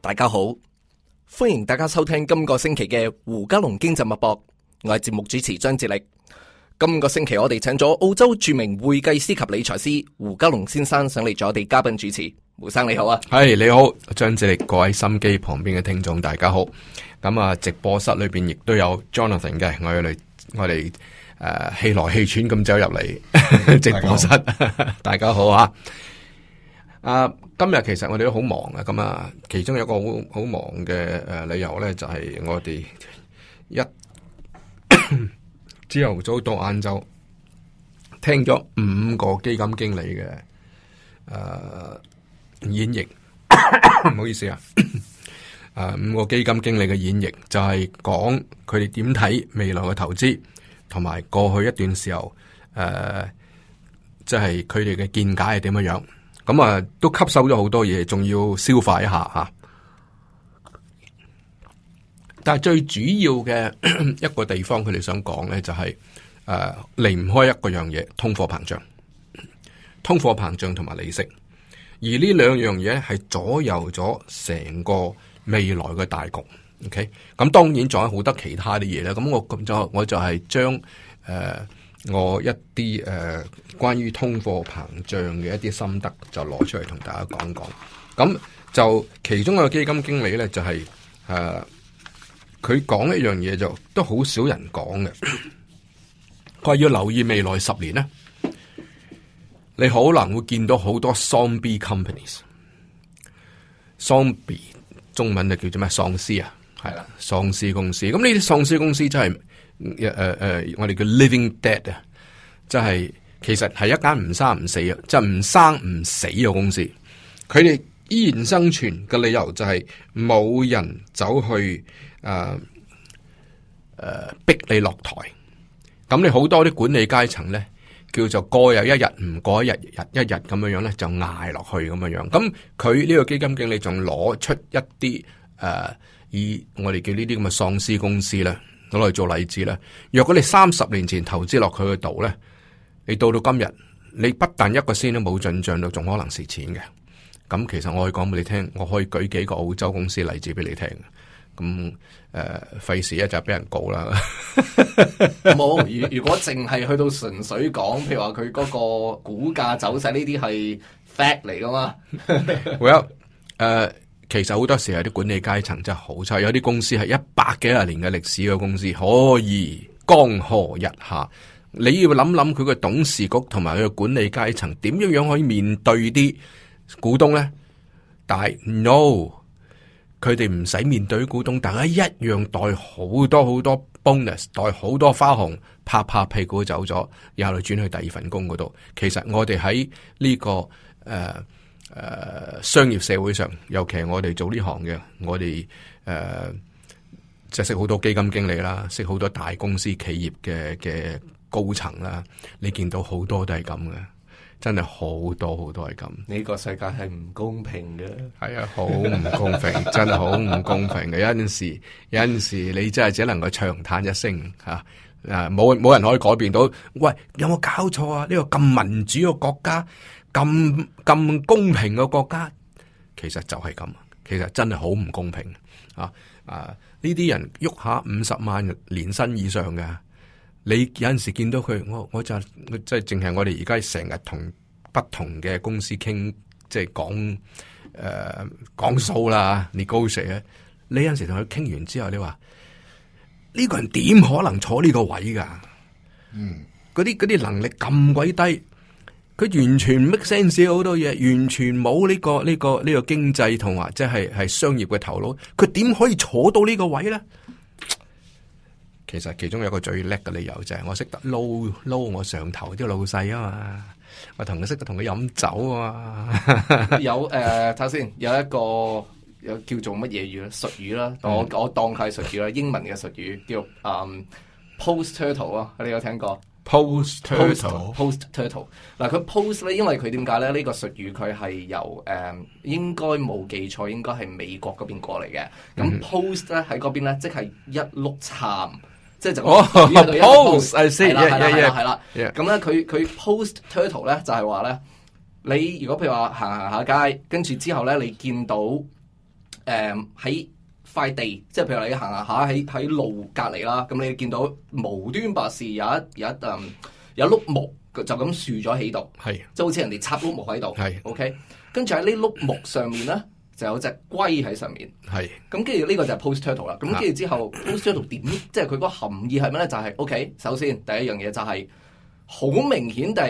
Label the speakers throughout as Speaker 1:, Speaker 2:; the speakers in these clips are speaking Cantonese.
Speaker 1: 大家好，歡迎大家收聽今個星期嘅胡嘉龍經濟脈搏，我係節目主持張志力。今個星期我哋請咗澳洲著名會計師及理財師胡嘉龍先生上嚟做我哋嘉賓主持。胡生你好啊，
Speaker 2: 係你好，張志、hey, 力各位心機旁邊嘅聽眾大家好，咁啊直播室裏邊亦都有 Jonathan 嘅，我哋我哋誒氣來氣、啊、喘咁走入嚟直播室，大家好啊。 啊！Uh, 今日其實我哋都好忙啊，咁、嗯、啊，其中有一個好好忙嘅誒、呃，理由呢就係、是、我哋一朝頭 早到晏晝聽咗五個基金經理嘅誒、呃、演繹，唔 好意思啊，誒、 呃、五個基金經理嘅演繹就係講佢哋點睇未來嘅投資，同埋過去一段時候誒，即係佢哋嘅見解係點嘅樣。咁啊、嗯，都吸收咗好多嘢，仲要消化一下吓。但係最主要嘅 一個地方，佢哋想講咧，就係、是、誒、離、呃、唔開一個樣嘢，通貨膨脹，通貨膨脹同埋利息，而呢兩樣嘢係左右咗成個未來嘅大局。OK，咁當然仲有好多其他啲嘢啦。咁我咁就我就係將誒我一啲誒。呃關於通貨膨脹嘅一啲心得，就攞出嚟同大家講講。咁就其中一個基金經理咧，就係、是、誒，佢、啊、講一樣嘢就都好少人講嘅。佢話 要留意未來十年咧，你可能會見到好多 zombie companies。Zombie 中文就叫做咩？喪屍啊，係啦，喪屍公司。咁呢啲喪屍公司真係誒誒我哋叫 living dead 啊、就是，就係。其實係一間唔生唔死嘅，就係唔生唔死嘅公司。佢哋依然生存嘅理由就係冇人走去誒誒、呃呃、逼你落台。咁你好多啲管理階層咧，叫做過有一日唔過一日，日一日咁樣樣咧，就捱落去咁樣樣。咁佢呢個基金經理仲攞出一啲誒、呃，以我哋叫呢啲咁嘅喪屍公司咧，攞嚟做例子咧。若果你三十年前投資落佢嘅度咧。你到到今日，你不但一個先都冇進賬到，仲可能蝕錢嘅。咁其實我可以講俾你聽，我可以舉幾個澳洲公司例子俾你聽。咁誒，費事一就俾人告啦。
Speaker 1: 冇， 如如果淨係去到純粹講，譬如話佢嗰個股價走勢呢啲係 fact 嚟噶嘛
Speaker 2: w、well, 呃、其實好多時有啲管理階層真係好差，有啲公司係一百幾十年嘅歷史嘅公司，可以江河日下。你要諗諗佢個董事局同埋佢個管理階層點樣樣可以面對啲股東咧？但係 no，佢哋唔使面對股東，大家一樣袋好多好多 bonus，袋好多花紅，拍拍屁股走咗，然後嚟轉去第二份工嗰度。其實我哋喺呢個誒誒、呃呃、商業社會上，尤其係我哋做呢行嘅，我哋誒即係識好多基金經理啦，識好多大公司企業嘅嘅。高層啦，你見到好多都係咁嘅，真係好多好多係咁。
Speaker 1: 呢個世界係唔公平嘅，係 啊，好唔公平，真係好唔公平
Speaker 2: 嘅。有陣時，有陣時你真係只能夠長嘆一聲吓，啊，冇、啊、冇人可以改變到。喂，有冇搞錯啊？呢個咁民主嘅國家，咁咁公平嘅國家，其實就係咁，其實真係好唔公平啊！啊，呢啲人喐下五十萬年薪以上嘅。你有陣時見到佢，我我就即係淨係我哋而家成日同不同嘅公司傾，即係講誒講數啦。你高社你有陣時同佢傾完之後，你話呢個人點可能坐呢個位噶？嗯，嗰啲啲能力咁鬼低，佢完全 make sense 好多嘢，完全冇呢個呢個呢個經濟同話，即係係商業嘅頭腦，佢點可以坐到呢個位咧？其實其中有一個最叻嘅理由就係我識得撈撈我上頭啲老細啊嘛，我同佢識得同佢飲酒啊。
Speaker 1: 有誒，睇、呃、下先，有一個有一個叫做乜嘢語咧？術語啦、嗯，我我當係術語啦，英文嘅術語叫、um, post turtle 啊，le, 你有聽過？post turtle post turtle 嗱，佢、呃、post 咧，因為佢點解咧？呢、這個術語佢係由誒、嗯、應該冇記錯，應該係美國嗰邊過嚟嘅。咁 post 咧喺嗰邊咧，即係一碌杉。即係就咁、oh, 的，佢 post 係啦，係啦，係啦，係啦。咁咧，佢佢 post turtle 咧，就係話咧，你如果譬如話行行下街，跟住之後咧，你見到誒喺塊地，即係譬如你行行下喺喺路隔離啦，咁、嗯、你見到無端白事有一有一嗯有碌木就，的就咁豎咗喺度，係即係好似人哋插碌木喺度，係 OK。跟住喺呢碌木上面咧。就有隻龜喺上面，係咁，跟住呢個就係 post turtle 啦，咁跟住之後 post turtle 點，即係佢嗰個含義係咩咧？就係、是、OK，首先第一樣嘢就係、是、好明顯地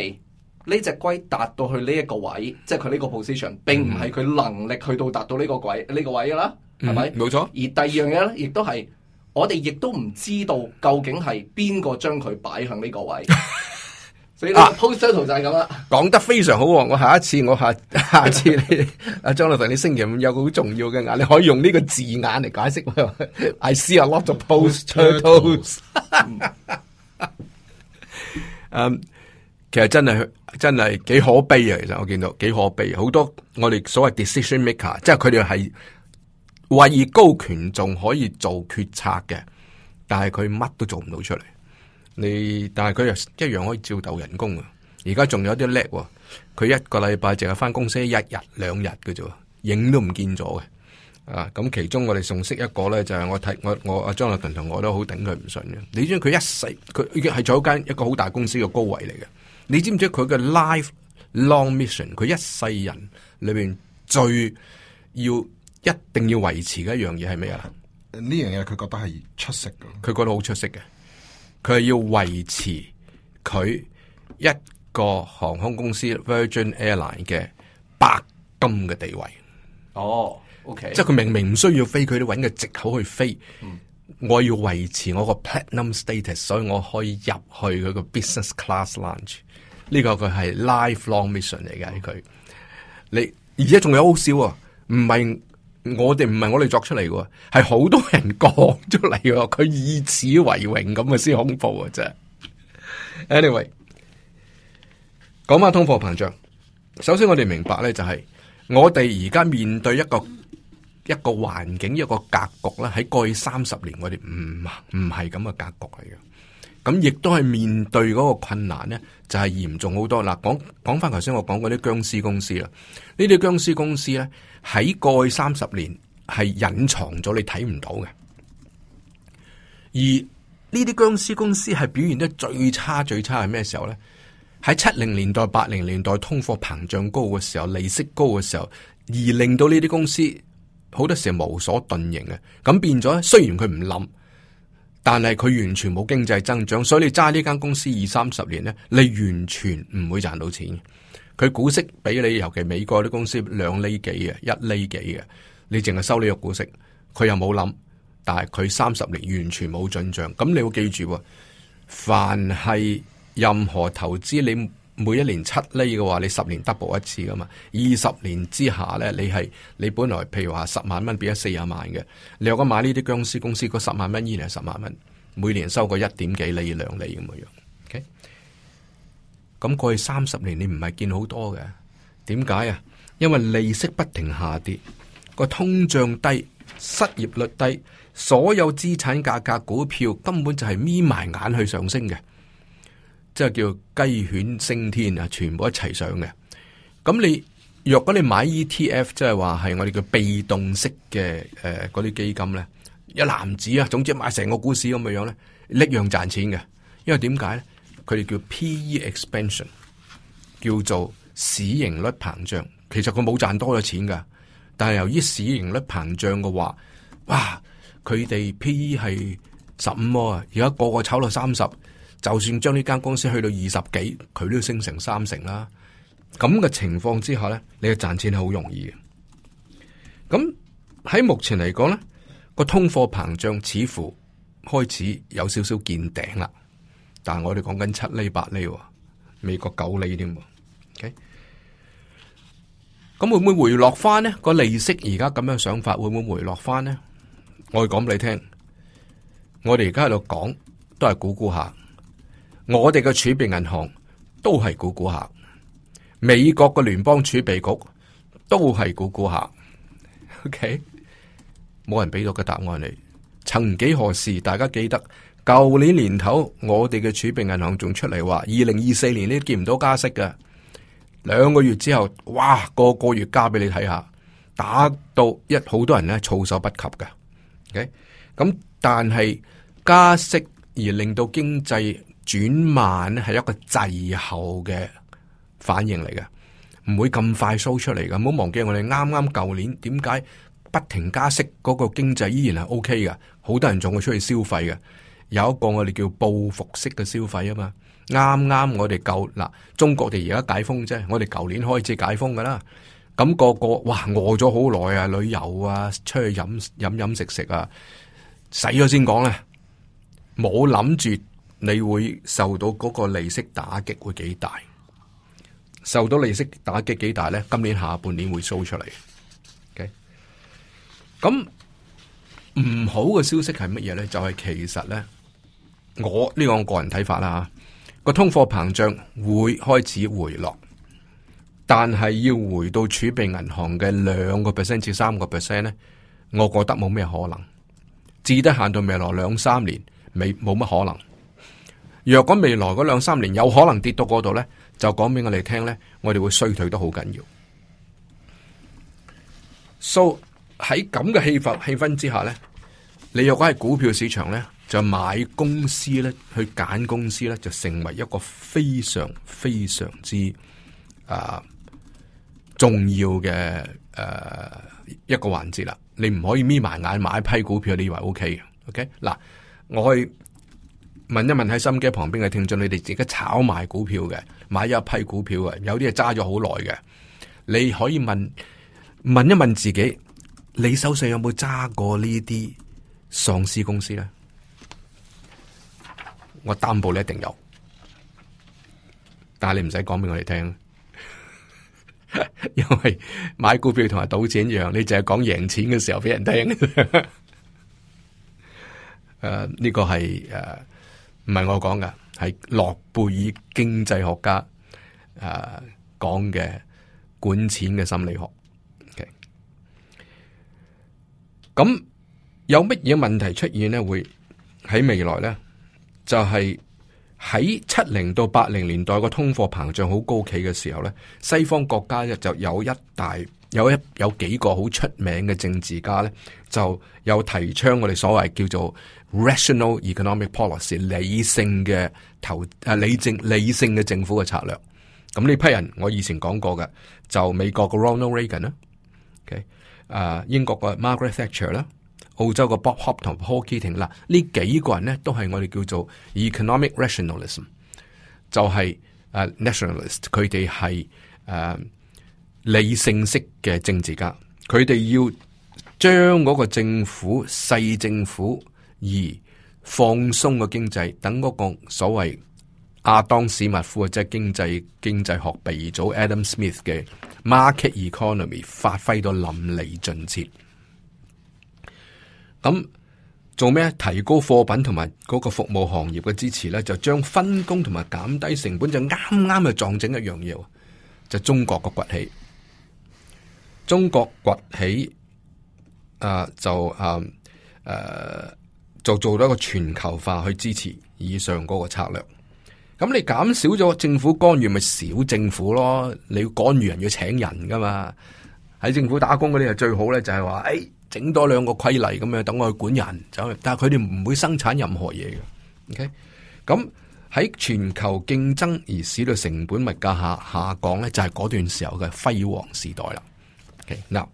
Speaker 1: 呢隻龜達到去呢一個位，即係佢呢個 position，並唔係佢能力去到達到呢個位呢、這個位噶啦，係咪？冇、嗯、錯。而第二樣嘢咧，亦都係我哋亦都唔知道究竟係邊個將佢擺向呢個位。 所以 post 啊，post turtle 就
Speaker 2: 係咁啦，講得非常好喎！我下一次我下下次你阿張老師你星期五有個好重要嘅眼，你可以用呢個字眼嚟解釋。
Speaker 1: I see a lot of post turtle s,、嗯
Speaker 2: um, 其實真係真係幾可悲啊！其實我見到幾可悲，好多我哋所謂 decision maker，即係佢哋係位高權重可以做決策嘅，但係佢乜都做唔到出嚟。你但係佢又一樣可以照舊人工啊！而家仲有啲叻喎，佢一個禮拜淨係返公司一日兩日嘅啫，影都唔見咗嘅。啊，咁其中我哋熟識一個咧，就係我睇我我阿張立群同我都好頂佢唔順嘅。你知唔知佢一世佢已經係在一間一個好大公司嘅高位嚟嘅？你知唔知佢嘅 life long mission？佢一世人裏邊最要一定要維持嘅一樣嘢係咩啊、嗯？呢樣嘢佢覺得係出色嘅，佢覺得好出色嘅。佢係要維持佢一個航空公司 Virgin Airline 嘅白金嘅地位。哦，OK，即係佢明明唔需要飛，佢都揾個借口去飛。我要維持我個 Platinum status，所以我可以入去佢個 Business Class Lounge。呢個佢係 lifelong mission 嚟嘅，佢。你而且仲有好少啊，唔係。我哋唔係我哋作出嚟嘅，係好多人講出嚟，佢以此為榮咁啊，先恐怖啊！啫。Anyway，講翻通貨膨脹，首先我哋明白咧，就係我哋而家面對一個一個環境、一個格局咧，喺過去三十年我哋唔唔係咁嘅格局嚟嘅。咁亦都係面對嗰個困難咧，就係嚴重好多。嗱，講講翻頭先我講嗰啲僵屍公司啦，呢啲僵屍公司咧。喺過去三十年係隱藏咗你睇唔到嘅，而呢啲僵屍公司係表現得最差最差係咩時候咧？喺七零年代、八零年代通貨膨脹高嘅時候，利息高嘅時候，而令到呢啲公司好多時係無所遁形嘅，咁變咗雖然佢唔冧，但係佢完全冇經濟增長，所以你揸呢間公司二三十年咧，你完全唔會賺到錢。佢股息俾你，尤其美國啲公司兩厘幾嘅，一厘幾嘅，你淨係收呢個股息，佢又冇諗。但係佢三十年完全冇進賬。咁你要記住，凡係任何投資，你每一年七厘嘅話，你十年 double 一次噶嘛？二十年之下咧，你係你本來譬如話十萬蚊變咗四十萬嘅，你如果買呢啲僵屍公司，嗰十萬蚊依然係十萬蚊，每年收個一點幾厘、兩厘咁嘅樣。咁過去三十年你唔係見好多嘅，點解啊？因為利息不停下跌，個通脹低，失業率低，所有資產價格、股票根本就係眯埋眼去上升嘅，即係叫雞犬升天啊！全部一齊上嘅。咁你若果你買 ETF，即係話係我哋叫被動式嘅誒嗰啲基金咧，
Speaker 3: 一籃
Speaker 2: 子啊，總之買成個股市咁嘅樣咧，一樣賺錢嘅。因為點解咧？佢哋叫 P/E expansion，叫做市盈率膨脹。其實佢冇賺多咗錢噶，但係由於市盈率膨脹嘅話，哇！佢哋 PE 係十五啊，而家個個炒到三十，就算將呢間公司去到二十幾，佢都要升成三成啦。咁嘅情況之下咧，你嘅賺錢係好容易嘅。咁喺目前嚟講咧，個通貨膨脹似乎開始有少少見頂啦。但係我哋講緊七厘八厘，美國九厘添，OK，咁會唔會回落翻呢？個利息而家咁樣想法會唔會回落翻呢？我會講俾你聽，我哋而家喺度講都係估估下，我哋嘅儲備銀行都係估估下，美國嘅聯邦儲備局都係估估下，OK，冇人俾到嘅答案你。曾幾何時，大家記得？舊年年頭，我哋嘅儲備銀行仲出嚟，話，二零二四年咧見唔到加息嘅。兩個月之後，哇，個個月加俾你睇下，打到一好多人咧措手不及嘅。OK，咁但係加息而令到經濟轉慢咧，係一個滯後嘅反應嚟嘅，唔會咁快 show 出嚟嘅。唔好忘記我哋啱啱舊年點解不停加息，嗰個經濟依然係 OK 嘅，好多人仲會出去消費嘅。有一個我哋叫報復式嘅消費啊嘛，啱啱我哋夠嗱中國哋而家解封啫，我哋舊年開始解封㗎啦，咁、那個個哇餓咗好耐啊，旅遊啊，出去飲飲飲食食啊，使咗先講啦，冇諗住你會受到嗰個利息打擊會幾大，受到利息打擊幾大咧？今年下半年會 show 出嚟，OK，咁唔好嘅消息係乜嘢咧？就係、是、其實咧。我呢個我個人睇法啦吓，個通貨膨脹會開始回落，但係要回到儲備銀行嘅兩個 percent 至三個 percent 咧，我覺得冇咩可能，至得限到未來兩三年，未冇乜可能。若果未來嗰兩三年有可能跌到嗰度咧，就講俾我哋聽咧，我哋會衰退得好緊要。So，喺咁嘅氣氛氣氛之下咧，你若果係股票市場咧，就買公司咧，去揀公司咧，就成為一個非常非常之啊重要嘅，誒、啊、一個環節啦。你唔可以眯埋眼買一批股票，你以為 O K 嘅？OK 嗱、OK？我去問一問喺心機旁邊嘅聽眾，你哋自己炒賣股票嘅，買咗一批股票嘅，有啲係揸咗好耐嘅，你可以問問一問自己，你手上有冇揸過呢啲喪屍公司咧？我擔保你一定有，但係你唔使講俾我哋聽，因為買股票同埋賭錢一樣，你淨係講贏錢嘅時候俾人聽。誒，呢個係誒唔係我講噶，係諾貝爾經濟學家誒講嘅管錢嘅心理學。咁有乜嘢問題出現呢？會喺未來咧？就係喺七零到八零年代個通貨膨脹好高企嘅時候咧，西方國家咧就有一大有一有幾個好出名嘅政治家咧，就有提倡我哋所謂叫做 rational economic policy 理性嘅投、誒、啊、理政、理性嘅政府嘅策略。咁呢批人我以前講過嘅，就美國嘅 Ronald Reagan 啦，okay，誒，英國嘅 Margaret Thatcher 啦。澳洲個 Bob Hawke 同 Paul Keating 嗱，呢幾個人呢都係我哋叫做 economic rationalism，就係誒 nationalist，佢哋係誒、uh, 理性式嘅政治家，佢哋要將嗰個政府細政府而放鬆個經濟，等嗰個所謂亞當史密夫即係、或者係、經濟經濟學鼻祖 Adam Smith 嘅 market economy 發揮到淋漓盡致。咁做咩？提高貨品同埋嗰個服務行業嘅支持呢？就將分工同埋減低成本就啱啱嘅撞正一樣嘢啊，就是、中國個崛起，中國崛起，誒、啊、就誒、啊啊、就做咗一個全球化去支持以上嗰個策略。咁你減少咗政府干預，咪少政府咯？你要干預人，要請人噶嘛？喺政府打工嗰啲係最好咧，就係話誒。整多兩個規例咁樣，等我去管人，就但係佢哋唔會生產任何嘢嘅。OK，咁喺全球競爭而使到成本物價下下降呢就係、是、嗰段時候嘅輝煌時代啦。OK，嗱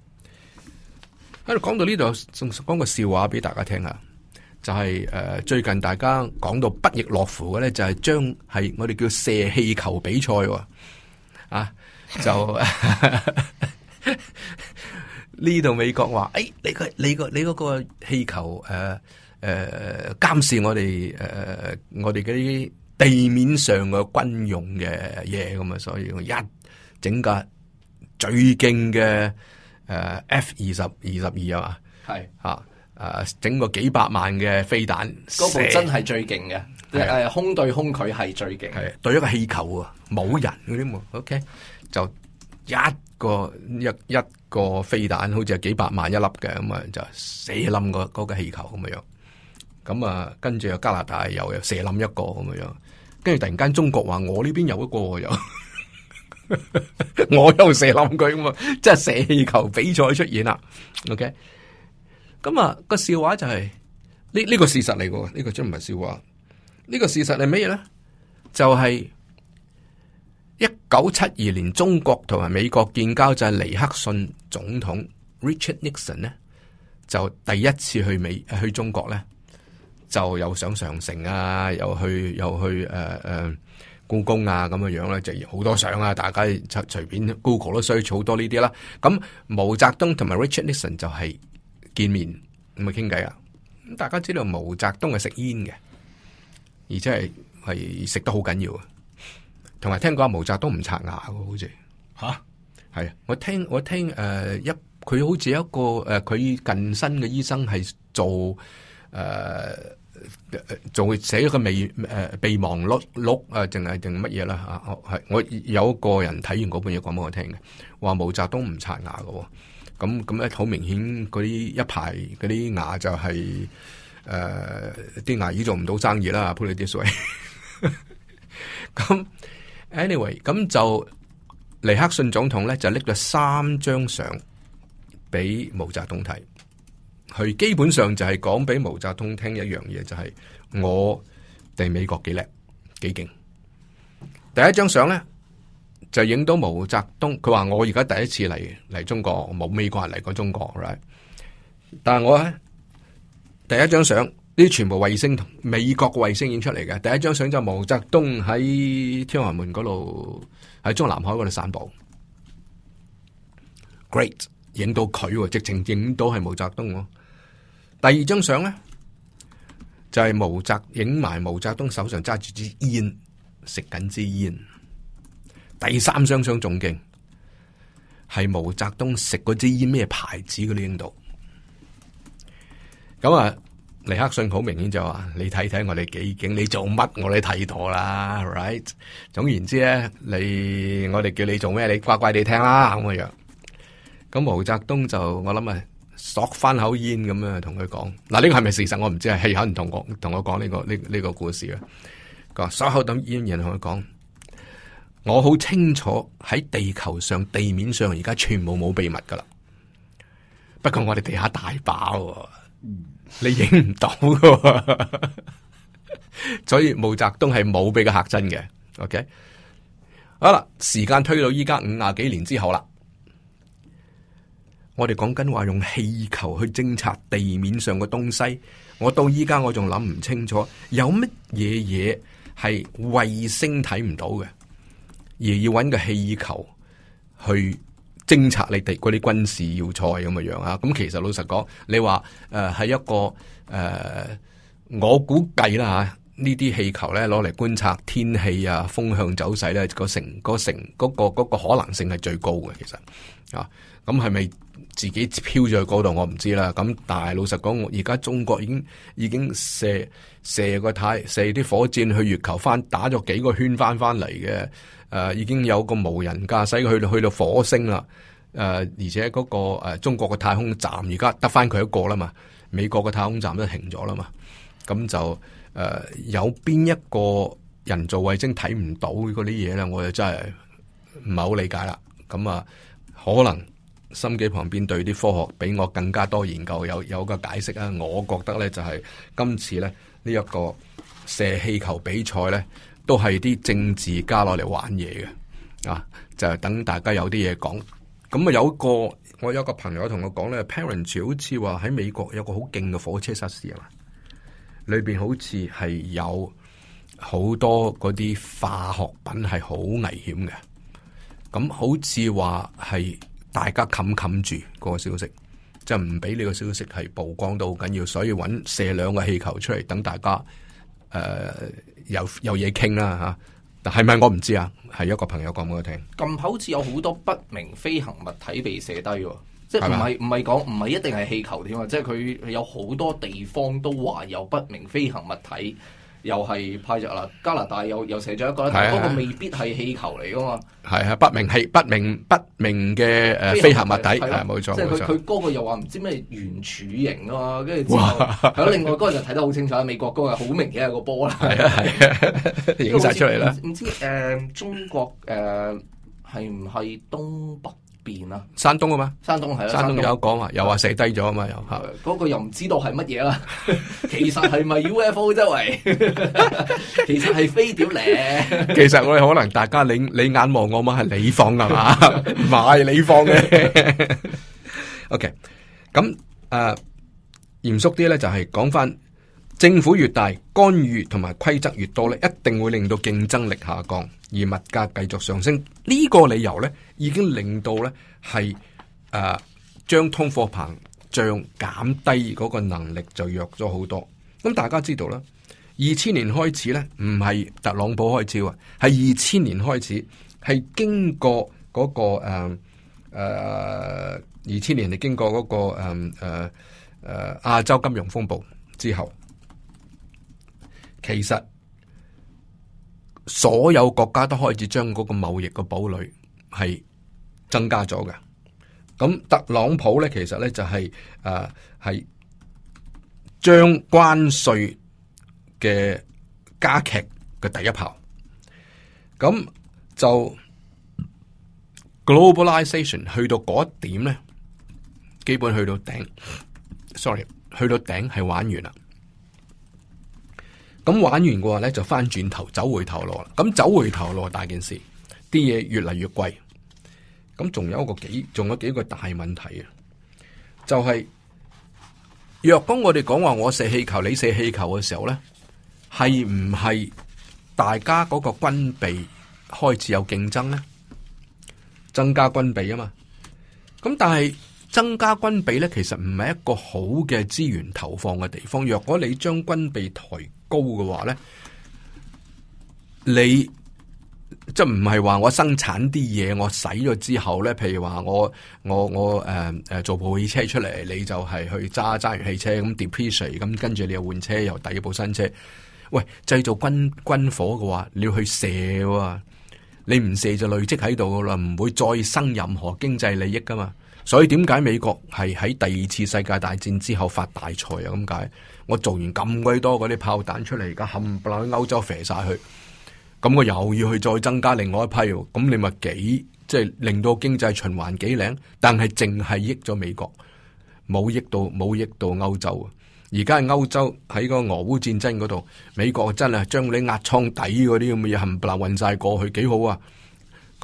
Speaker 2: 喺度講到呢度，仲講個笑話俾大家聽啊，就係、是、誒、呃、最近大家講到不亦樂乎嘅呢，就係將係我哋叫射氣球比賽喎，啊就。 呢度美國話，誒、哎，你個你個你嗰個、個氣球誒誒、呃呃、監視我哋誒、呃、我哋啲地面上嘅軍用嘅嘢咁啊，所以一整架最勁嘅誒 F 二十二十二啊嘛，係嚇誒整個幾百萬嘅飛彈，嗰部真係最
Speaker 1: 勁嘅，誒係空對空佢係最勁，係對一個氣
Speaker 2: 球啊，冇人啲 OK 就。一個一一個飛彈，好似係幾百萬一粒嘅，咁啊就射冧個嗰個氣球咁樣樣。咁啊，跟住又加拿大又嘅射冧一個咁樣樣，跟住突然間中國話我呢邊有一個又，我， 我又射冧佢咁啊，即係射氣球比賽出現啦。OK，咁啊個笑話就係呢呢個事實嚟嘅，呢個真唔係笑話。呢個事實係咩嘢咧？就係。一九七二年，中國同埋美國建交，就係尼克遜總統 Richard Nixon 呢，就第一次去美去中國呢就又上長城啊，又去又去誒誒、呃呃、故宮啊，咁嘅樣咧樣，就好多相啊，大家隨便 Google 都衰儲好多呢啲啦。咁毛澤東同埋 Richard Nixon 就係見面，咁啊傾偈啊。咁大家知道毛澤東係食煙嘅，而且係係食得好緊要啊。同埋聽過話，毛澤東唔刷牙嘅，好似。吓？係。我聽我聽誒、呃，一佢好似一個誒，佢、呃、近身嘅醫生係做誒、呃，做寫咗個備誒、呃、備忘錄錄啊，定係定乜嘢啦吓？係我有一個人睇完嗰本嘢，講俾我聽嘅，話毛澤東唔刷牙嘅，咁咁咧好明顯，嗰啲一排嗰啲牙就係、是、誒，啲、呃、牙醫做唔到生意啦，潑你啲水咁。Anyway，咁就尼克遜總統呢就拎咗三張相畀毛澤東睇，佢基本上就係講畀毛澤東聽一樣嘢，就係我哋美國幾叻幾勁。第一張相呢就影到毛澤東，佢話我而家第一次嚟嚟中國，冇美國人嚟過中國，但係我呢第一張相，呢啲全部衛星，美國個衛星影出嚟嘅。第一張相就係毛澤東喺天安門嗰度喺中南海嗰度散步，Great 影到佢，直情影到係毛澤東。第二張相咧就係、是、毛澤影埋毛澤東手上揸住支煙，食緊支煙。第三張相仲勁，係毛澤東食嗰支煙咩牌子？嗰啲影到咁啊！尼克遜好明顯就話：你睇睇我哋幾勁，你做乜我哋睇妥啦，right？總言之咧，你我哋叫你做咩，你乖乖哋聽啦咁嘅樣。咁毛澤東就我諗啊，索翻口煙咁樣同佢講嗱，呢個係咪事實我唔知啊，係有人同講同我講呢個呢呢個故事嘅。個索口等煙然後佢講：我好清楚喺地球上地面上而家全部冇秘密噶啦，不過我哋地下大把啊。你影唔到㗎， 所以毛澤東係冇俾佢吓真嘅。OK，好啦，時間推到依家五廿幾年之後啦，我哋講緊話用氣球去偵察地面上嘅東西。我到依家我仲諗唔清楚，有乜嘢嘢係衛星睇唔到嘅，而要揾個氣球去。偵察你哋嗰啲軍事要塞咁嘅樣啊！咁其實老實講，你話誒係一個誒、呃，我估計啦吓，啊、氣呢啲氣球咧攞嚟觀察天氣啊、風向走勢咧，成成嗰個成個成個個可能性係最高嘅。其實啊，咁係咪自己飄咗去嗰度我唔知啦。咁但係老實講，而家中國已經已經射射個太射啲火箭去月球翻，打咗幾個圈翻翻嚟嘅。誒、啊，已經有個無人駕駛去到去到火星啦！誒、啊，而且嗰、那個誒、啊、中國嘅太空站而家得翻佢一個啦嘛，美國嘅太空站都停咗啦嘛，咁就誒、啊、有邊一個人造衛星睇唔到嗰啲嘢咧？我就真係唔係好理解啦。咁啊，可能心機旁邊對啲科學比我更加多研究有有個解釋啊！我覺得咧就係、是、今次咧呢一、這個射氣球比賽咧。都係啲政治家攞嚟玩嘢嘅，啊！就係等大家有啲嘢講。咁啊，有個我有個朋友同我講咧、啊、，Parents 好似話喺美國有個好勁嘅火車失事啊嘛，裏邊好似係有好多嗰啲化學品係好危險嘅。咁好似話係大家冚冚住個消息，就唔俾你個消息係曝光到緊要，所以搵射兩個氣球出嚟等大家誒。呃有有嘢傾啦嚇，但係咪我唔知啊？係、啊、一個朋友講俾我聽，
Speaker 1: 近排好似有好多不明飛行物體被射低喎，即係唔係唔係講唔係一定係氣球添啊？即係佢有好多地方都話有不明飛行物體。又係派咗啦，加拿大又又射咗一個，不過、啊、未必係氣球嚟㗎嘛。
Speaker 2: 係係不明氣、不明不明嘅誒飛行物體，係冇、啊啊、錯。即係佢佢
Speaker 1: 嗰個又話唔知咩圓柱形啊嘛，跟住之後係咯。哇另外嗰個就睇得好清楚，美國嗰、嗰個好明顯係個波嚟，係 啊係影曬出嚟啦。唔 知誒、呃、中國誒係唔係東北？變啦，山東啊嘛，山東係啦，山東有
Speaker 2: 講啊，又話寫低咗啊嘛，的又，
Speaker 1: 嗰個又唔知道係乜嘢啦， 其實係咪 UFO 周圍， 其實係飛碟嚟。
Speaker 2: 其實我哋可能大家你你眼望我嘛，係你放㗎嘛，唔係 你放嘅 ，OK，咁誒，嚴肅啲咧就係講翻，政府越大干預同埋規則越多咧，一定會令到競爭力下降。而物價繼續上升，呢個理由呢，已經令到呢係誒，將通貨膨脹減低嗰個能力就弱咗好多。咁大家知道啦，二千年開始呢唔係特朗普開始啊，係二千年開始，係經過嗰個，誒誒二千年，你經過嗰個，誒誒誒亞洲金融風暴之後，其實。所有國家都開始將嗰個貿易嘅堡壘係增加咗嘅。咁特朗普咧，其實咧就係、是、啊，係、呃、將關稅嘅加劇嘅第一炮。咁就 globalization 去到嗰一點咧，基本去到頂。sorry，去到頂係玩完啦。咁玩完嘅話咧，就翻轉頭走回頭路啦。咁走回頭路大件事，啲嘢越嚟越貴。咁仲有一個幾，仲有幾個大問題啊？就係若果我哋講話我射氣球，你射氣球嘅時候咧，係唔係大家嗰個軍備開始有競爭呢？增加軍備啊嘛。咁但係增加軍備咧，其實唔係一個好嘅資源投放嘅地方。若果你將軍備抬，高嘅話咧，你即係唔係話我生產啲嘢，我使咗之後咧，譬如話我我我誒誒、呃、做部汽車出嚟，你就係去揸揸完汽車咁 depreciate 咁，跟住你又換車又第二部新車。喂，製造軍軍火嘅話，你要去射喎，啊，你唔射就累積喺度啦，唔會再生任何經濟利益噶嘛。所以點解美國係喺第二次世界大戰之後發大財啊？咁解？我做完咁鬼多嗰啲炮彈出嚟，而家冚唪唥喺歐洲肥晒去，咁我又要去再增加另外一批，咁你咪幾即係令到經濟循環幾靚？但係淨係益咗美國，冇益到冇益到歐洲。而家係歐洲喺個俄烏戰爭嗰度，美國真係將你壓倉底嗰啲咁嘅嘢冚唪唥運晒過去，幾好啊！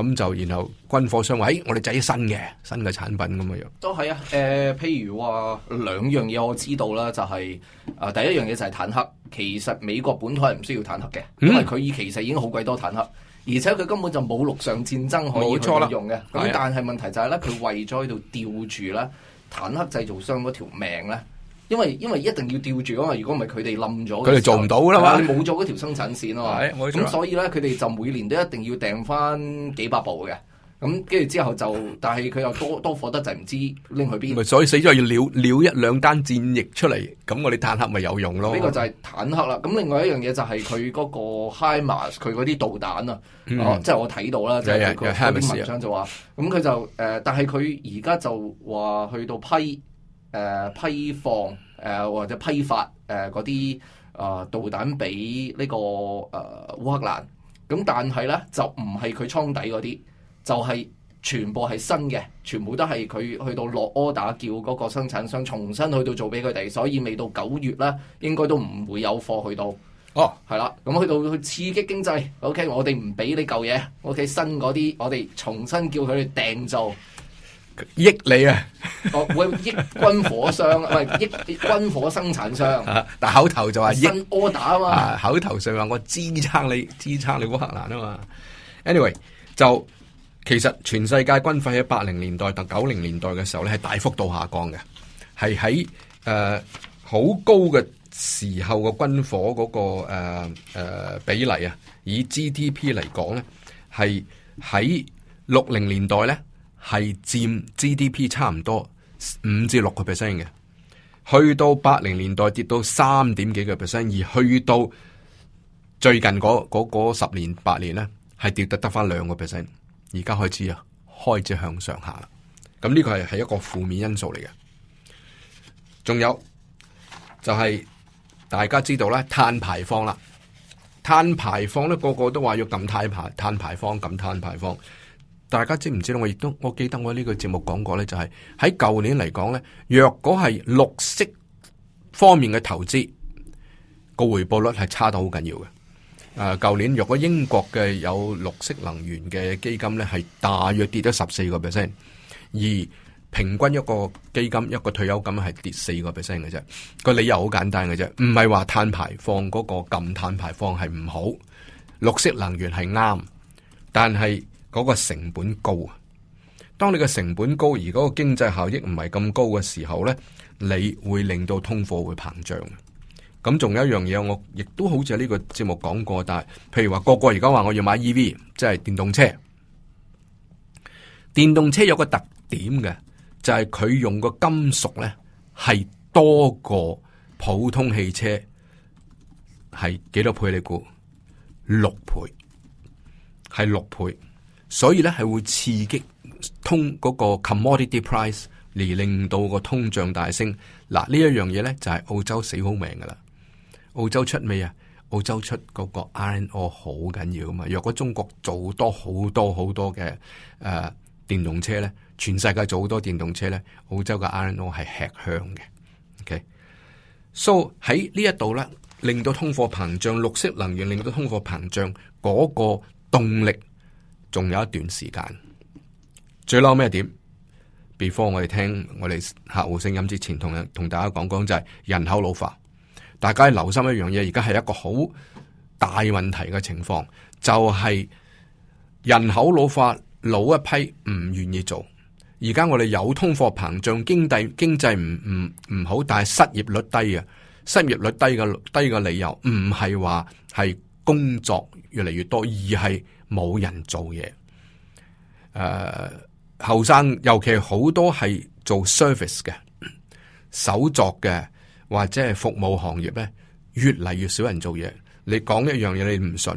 Speaker 2: 咁就然後軍火商話：誒、哎，我哋製啲新嘅新嘅產品咁嘅樣。
Speaker 1: 都係啊，誒、呃，譬如話兩樣嘢我知道啦，就係、是、啊、呃，第一樣嘢就係坦克。其實美國本土係唔需要坦克嘅，嗯、因為佢其實已經好鬼多坦克，而且佢根本就冇陸上戰爭可以用嘅。咁但係問題就係咧，佢是、啊、為咗喺度吊住咧坦克製造商嗰條命咧。因為因為一定要吊住，啊嘛，如果唔係佢哋冧咗，佢哋做唔到啦嘛，冇咗嗰條生產線咯。咁所以咧，佢哋就每年都一定要訂翻幾百部嘅。咁跟住之後就，但係佢又多多火得滯，唔知拎去邊。咪所
Speaker 2: 以死咗要撩撩一兩單戰役出嚟，咁我哋坦克咪有用咯。呢個就係
Speaker 1: 坦克啦。咁另外一樣嘢就係佢嗰個 HIMARS 佢嗰啲導彈啊，即係我睇到啦，就佢文章就話，咁佢就誒，但係佢而家就話去到批。誒、呃、批放誒、呃、或者批發誒嗰啲啊導彈俾呢、呢個誒、呃、烏克蘭，咁但係呢，就唔係佢倉底嗰啲，就係、係、全部係新嘅，全部都係佢去到落 order 叫嗰個生產商重新去到做俾佢哋，所以未到九月呢，應該都唔會有貨去到。哦，係啦，咁去到去刺激經濟。O、okay, K，我哋唔俾呢嚿嘢，O K，新嗰啲我哋重新叫佢哋訂造。益你啊、哦！我益軍火商，唔係益軍火生產商。啊、但口頭就話益阿打啊嘛。
Speaker 2: 口頭上話我支撐你，支撐你烏克蘭啊嘛。Anyway，就其實全世界軍費喺八零年代同九零年代嘅時候咧，係大幅度下降嘅，係喺誒好高嘅時候嘅軍火嗰、那個誒誒、呃呃、比例啊，以 GDP 嚟講咧，係喺六零年代咧。係佔 GDP 差唔多五至六個 percent 嘅，去到八零年代跌到三點幾個 percent，而去到最近嗰十年八年咧，係跌得得翻兩個 percent，而家開始啊，開始向上下啦。咁呢個係係一個負面因素嚟嘅。仲有就係、是、大家知道咧，碳排放啦，碳排放咧個個都話要撳碳排，碳排放撳碳排放。大家知唔知道我？我亦都我記得我呢個節目講過呢，就係喺舊年嚟講呢，若果係綠色方面嘅投資個回報率係差得好緊要嘅。誒、啊，舊年若果英國嘅有綠色能源嘅基金呢，係大約跌咗十四個 percent，而平均一個基金一個退休金係跌四個 percent 嘅啫。個理由好簡單嘅啫，唔係話碳排放嗰個禁碳排放係唔好，綠色能源係啱，但係。嗰個成本高啊！當你個成本高而嗰個經濟效益唔係咁高嘅時候咧，你會令到通貨會膨脹嘅。咁仲有一樣嘢，我亦都好似喺呢個節目講過，但係譬如話個個而家話我要買 EV，即係電動車。電動車有個特點嘅就係、是、佢用個金屬咧係多過普通汽車，係幾多倍你？你估六倍？係六倍？所以咧係會刺激通嗰個 commodity price，嚟令到個通脹大升。嗱呢一樣嘢咧就係澳洲死好命噶啦。澳洲出未啊，澳洲出嗰個 iron ore 好緊要啊嘛。若果中國做多好多好多嘅誒電動車咧，全世界做好多電動車咧，澳洲嘅 iron ore 係吃香嘅。ok，so 喺呢一度咧，令到通貨膨脹，綠色能源令到通貨膨脹嗰個動力。仲有一段時間，最嬲咩點？before 我哋聽我哋客戶聲音之前，同同大家講講就係人口老化。大家留心一樣嘢，而家係一個好大問題嘅情況，就係人口老化，老一批唔願意做。而家我哋有通貨膨脹，經濟經濟唔唔唔好，但係失業率低啊！失業率低嘅低嘅理由唔係話係工作越嚟越多，而係。冇人做嘢，誒、呃，後生尤其好多係做 service 嘅手作嘅或者係服務行業咧，越嚟越少人做嘢。你講一樣嘢你唔信，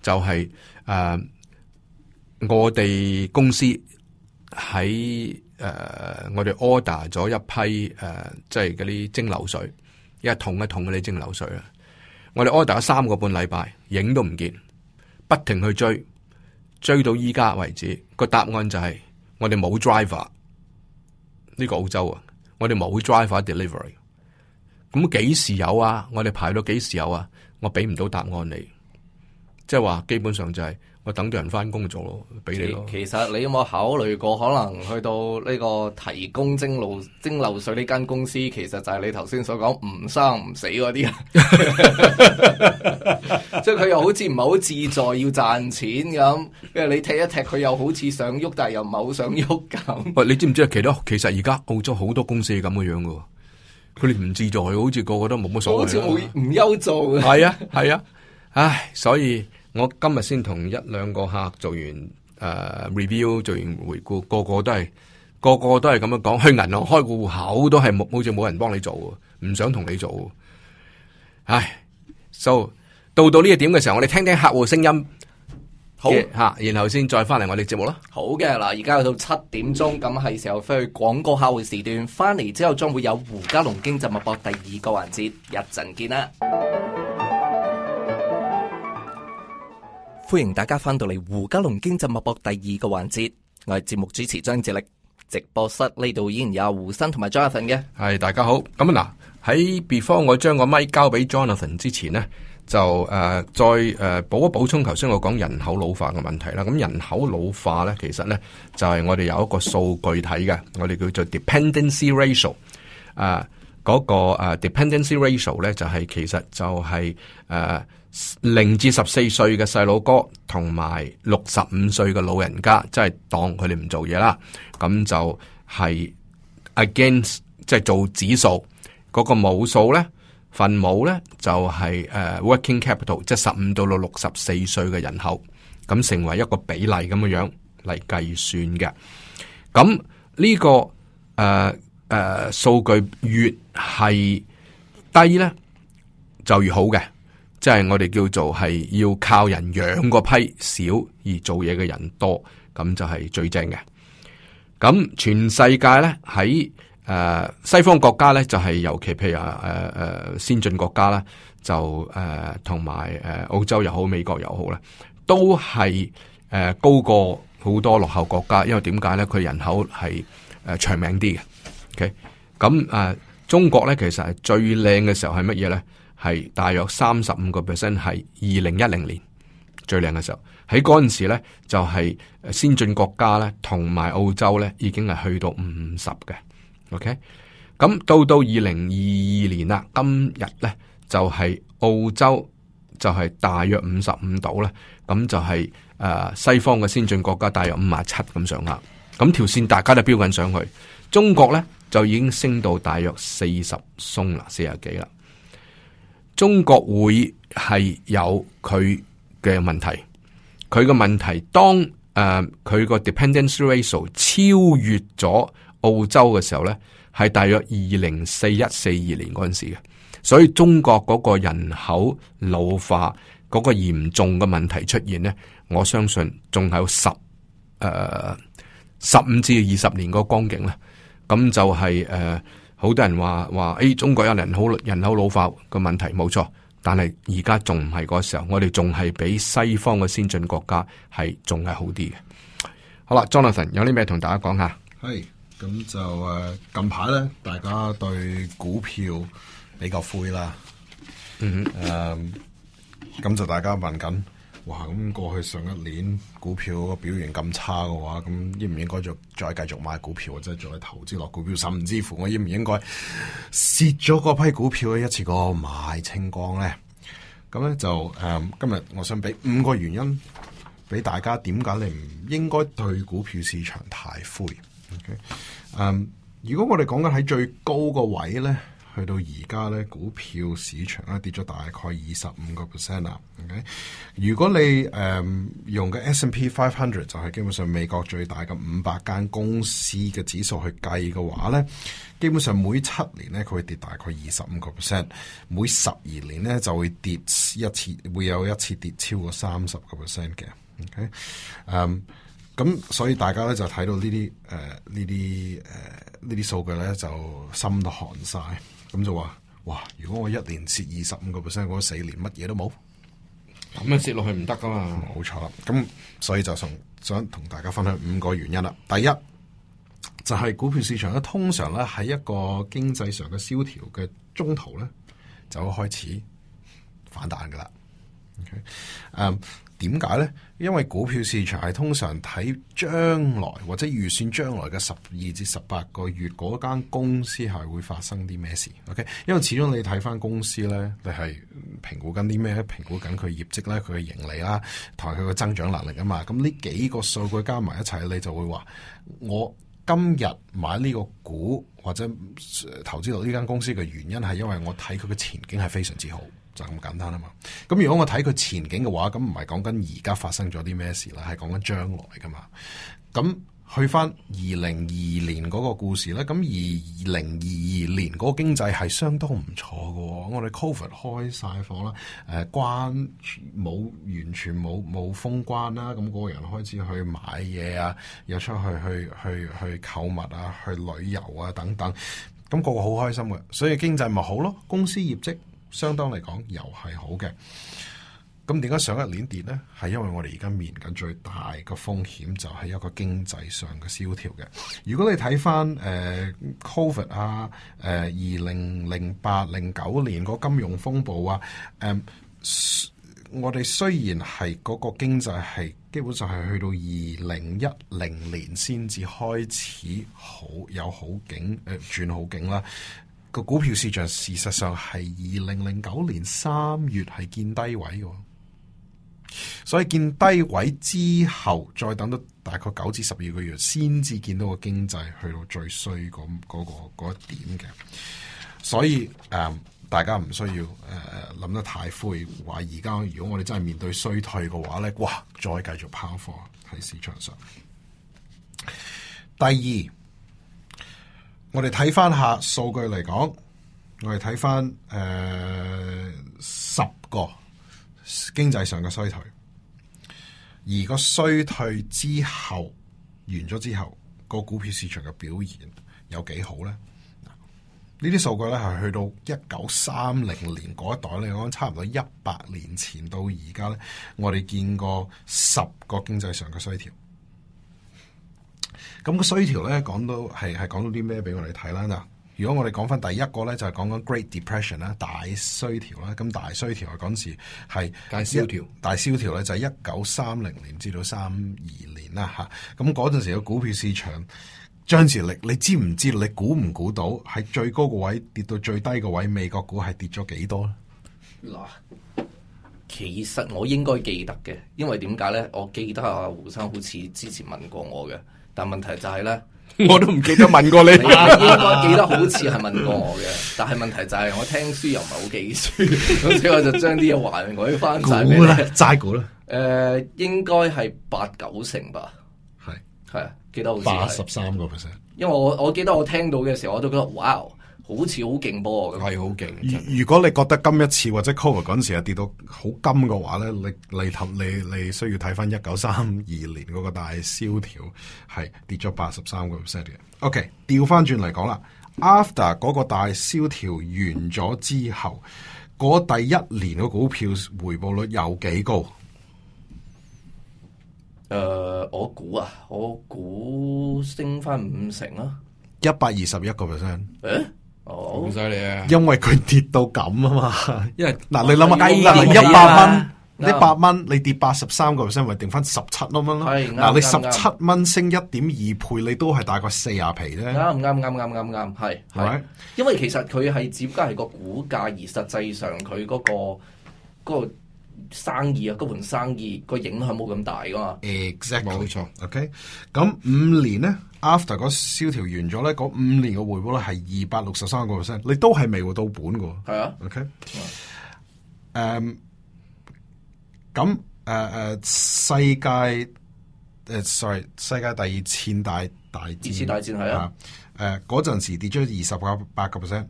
Speaker 2: 就係、是、誒、呃，我哋公司喺誒、呃、我哋 order 咗一批誒，即係啲蒸餾水，一桶一桶啲蒸餾水啊，我哋 order 咗三個半禮拜，影都唔見。不停去追，追到依家為止，個答案就係我哋冇 driver。呢個澳洲啊，我哋冇 driver delivery。咁幾時有啊？我哋排到幾時有啊？我畀唔到答案你，即係話基本上就係。我等住人翻
Speaker 1: 工做咯，俾你咯。其實你有冇考慮過可能去到呢個提供蒸露蒸餾水呢間公司，其實就係你頭先所講唔生唔死嗰啲，即係佢又好似唔係好自在要賺錢咁，因為你踢一踢佢又好似想喐，但係又唔係好想喐咁。
Speaker 2: 喂，你知唔知啊？其他其實而家澳洲好多公司係咁嘅樣嘅，佢哋唔自在，好似個個都冇乜所謂，好似唔
Speaker 1: 憂做。係啊，
Speaker 2: 係啊，唉，所以。我今日先同一兩個客做完誒、呃、review，做完回顧，個個都係個個都係咁樣講，去銀行開個戶口都係冇好似冇人幫你做，唔想同你做。唉，就、so, 到到呢一點嘅時候，我哋聽聽客戶聲音，好吓 Yeah.、啊，
Speaker 1: 然後先再翻嚟我哋節目啦。好嘅，嗱，而家去到七點鐘，咁係時候飛去廣告客戶時段，翻嚟之後將會有胡嘉龍經濟脈搏第二個環節，一陣見啦。歡迎大家翻到嚟，胡嘉龍經濟脈搏第二個環節，我係節目主持張智力。直播室呢度依然有胡生同埋 Jonathan 嘅，
Speaker 2: 係大家好。咁啊嗱，喺 before 我將個麥交俾 Jonathan 之前呢，就誒、呃、再誒補、呃、一補充，頭先我講人口老化嘅問題啦。咁人口老化咧，其實咧就係、是、我哋有一個數據睇嘅，我哋叫做 dependency ratio、呃。誒、那個、嗰、呃、個誒 dependency ratio 咧，就係、是、其實就係、是、誒。呃零至十四歲嘅細佬哥，同埋六十五歲嘅老人家，即係當佢哋唔做嘢啦，咁就係 against 即係做指數嗰、那個母數咧，分母咧就係、是、誒 working capital，即係十五到六十四歲嘅人口，咁成為一個比例咁樣樣嚟計算嘅。咁呢、這個誒誒數據越係低咧，就越好嘅。即係我哋叫做係要靠人養嗰批少而做嘢嘅人多，咁就係最正嘅。咁全世界咧喺誒西方國家咧就係、是、尤其譬如誒誒、呃、先進國家啦，就誒同埋誒澳洲又好，美國又好啦，都係誒高過好多落後國家。因為點解咧？佢人口係誒、呃、長命啲嘅。O K，咁誒中國咧其實係最靚嘅時候係乜嘢咧？係大約三十五個 percent 係二零一零年最靚嘅時候，喺嗰陣時咧就係先進國家咧同埋澳洲咧已經係去到五十嘅，OK，咁到到二零二二年啦，今日咧就係澳洲就係大約五十五度啦，咁就係誒、啊、西方嘅先進國家大約五十七咁上下，咁條線大家都飆緊上去，中國咧就已經升到大約四十鬆啦，四十幾啦。中國會係有佢嘅問題，佢個問題當誒佢個 dependence ratio 超越咗澳洲嘅時候咧，係大約二零四一四二年嗰陣時嘅，所以中國嗰個人口老化嗰個嚴重嘅問題出現咧，我相信仲係有十誒十五至二十年個光景咧，咁就係、是、誒。呃好多人話話誒，中國有人口人口老化嘅問題，冇錯。但係而家仲唔係嗰時候，我哋仲係比西方嘅先進國家係仲係好啲嘅。好啦，Jonathan, 有啲咩同大家講下？
Speaker 3: 係咁、hey, 就誒，近排咧，大家對股票比較灰啦。嗯哼、mm，誒，咁就大家問緊。哇！咁過去上一年股票個表現咁差嘅話，咁應唔應該再再繼續買股票，或者再投資落股票，甚至乎我應唔應該蝕咗嗰批股票一次過買清光咧？咁咧就誒、嗯，今日我想俾五個原因俾大家，點解你唔應該對股票市場太灰？OK，誒、嗯，如果我哋講緊喺最高個位咧。去到而家咧，股票市場咧跌咗大概二十五個 percent 啦。OK，如果你誒、um, 用嘅 S and P five hundred 就係基本上美國最大嘅五百間公司嘅指數去計嘅話咧，基本上每七年咧佢會跌大概二十五個 percent，每十二年咧就會跌一次，會有一次跌超過三十個 percent 嘅。OK，嗯、um,，咁所以大家咧就睇到呢啲誒呢啲誒呢啲數據咧就心都寒晒。咁就話，哇！如果我一年蝕二十五個 percent，我四年乜嘢都冇，咁樣蝕落去唔得噶嘛？冇錯啦，咁所以就想想同大家分享五個原因啦。第一就係股票市場咧，通常咧喺一個經濟上嘅蕭條嘅中途咧，就開始反彈噶啦。OK，誒、um,。點解呢？因為股票市場係通常睇將來或者預算將來嘅十二至十八個月嗰間公司係會發生啲咩事？OK，因為始終你睇翻公司呢，你係評估緊啲咩？評估緊佢嘅業績咧，佢嘅盈利啦，同埋佢嘅增長能力啊嘛。咁呢幾個數據加埋一齊，你就會話：我今日買呢個股或者投資到呢間公司嘅原因係因為我睇佢嘅前景係非常之好。就咁簡單啊嘛！咁如果我睇佢前景嘅話，咁唔係講緊而家發生咗啲咩事啦，係講緊將來噶嘛？咁去返二零二二年嗰個故事咧，咁二零二二年嗰個經濟係相當唔錯嘅。我哋 covid 開晒房啦，誒、呃、關冇完全冇冇封關啦，咁、嗰個人開始去買嘢啊，又出去去去去，去購物啊，去旅遊啊等等，咁、那個個好開心嘅，所以經濟咪好咯，公司業績。相當嚟講又係好嘅，咁點解上一年跌呢？係因為我哋而家面緊最大嘅風險就係一個經濟上嘅蕭條嘅。如果你睇翻誒 COVID 啊，誒二零零八零九年個金融風暴啊，誒、呃、我哋雖然係嗰個經濟係基本上係去到二零一零年先至開始好有好景誒轉、呃、好景啦。個股票市場事實上係二零零九年三月係見低位嘅，所以見低位之後，再等咗大概九至十二個月，先至見到個經濟去到最衰嗰嗰個嗰一點嘅。所以誒、嗯，大家唔需要誒諗、呃、得太灰，話而家如果我哋真係面對衰退嘅話咧，哇，再繼續拋貨喺市場上。第二。我哋睇翻下數據嚟講，我哋睇翻誒十個經濟上嘅衰退，而個衰退之後完咗之後，個股票市場嘅表現有幾好咧？嗱呢啲數據咧係去到一九三零年嗰一代咧，我講差唔多一百年前到而家咧，我哋見過十個經濟上嘅衰退。咁個衰條咧，講到係係講到啲咩俾我哋睇啦？如果我哋講翻第一個咧，就係講緊 Great Depression 啦，大衰條啦。咁大衰條嗰陣時係大蕭條，大蕭條咧就係一九三零年至到三二年啦。吓，咁嗰陣時嘅股票市場，當時力，你知唔知？你估唔估到喺最高個位跌到最低個位，美國股係跌咗幾多咧？
Speaker 1: 嗱，其實我應該記得嘅，因為點解咧？我記得阿胡生好似之前問過我嘅。但問題就係咧， 我都唔記得問過你啦， 你應該記得好似係問過我嘅。但係問題就係我聽書又唔係好記書， 所以我就將啲嘢還原翻，就係咩咧？齋估啦。誒、呃，猜猜應該係八九成吧。係係是，記得好似八十三個 percent。因為我我記得我聽到嘅時候，我都覺得哇。好似好勁噃，係好勁。
Speaker 3: 如果你覺得今一次或者 COVID 嗰陣時啊跌到好金嘅話咧，你嚟頭你你，你需要睇翻一九三二年嗰個大蕭條係跌咗八十三個 percent 嘅。OK，調翻轉嚟講啦，after 嗰個大蕭條完咗之後，嗰第一年嘅股票回報率有幾高？誒、
Speaker 1: 呃，我估啊，我估升翻五成啊，
Speaker 3: 一百二十一
Speaker 1: 個 percent。誒、欸？
Speaker 3: 哦，好犀利啊！因為佢跌到咁啊嘛，因為嗱，你諗下嗱，一百蚊，一百蚊，你跌八十三個 percent，咪定翻十七蚊咯。嗱，你十七蚊升一點二倍，你都係大概四十皮啫。啱啱啱啱啱啱，係係，
Speaker 1: 因為其實佢係只加係個股價，而實際上佢嗰個嗰個生意啊，嗰盤生意個影響冇咁大噶嘛。
Speaker 3: Exactly，冇錯，OK，咁五年咧。after 嗰蕭條完咗咧，嗰五年嘅回報咧係二百六十三個 percent，你都係未回到本嘅。係啊 Yeah.，OK，誒，咁誒誒，世界誒，sorry，世界第二次大大戰，大戰係啊，誒嗰陣時跌咗二十個八個 percent，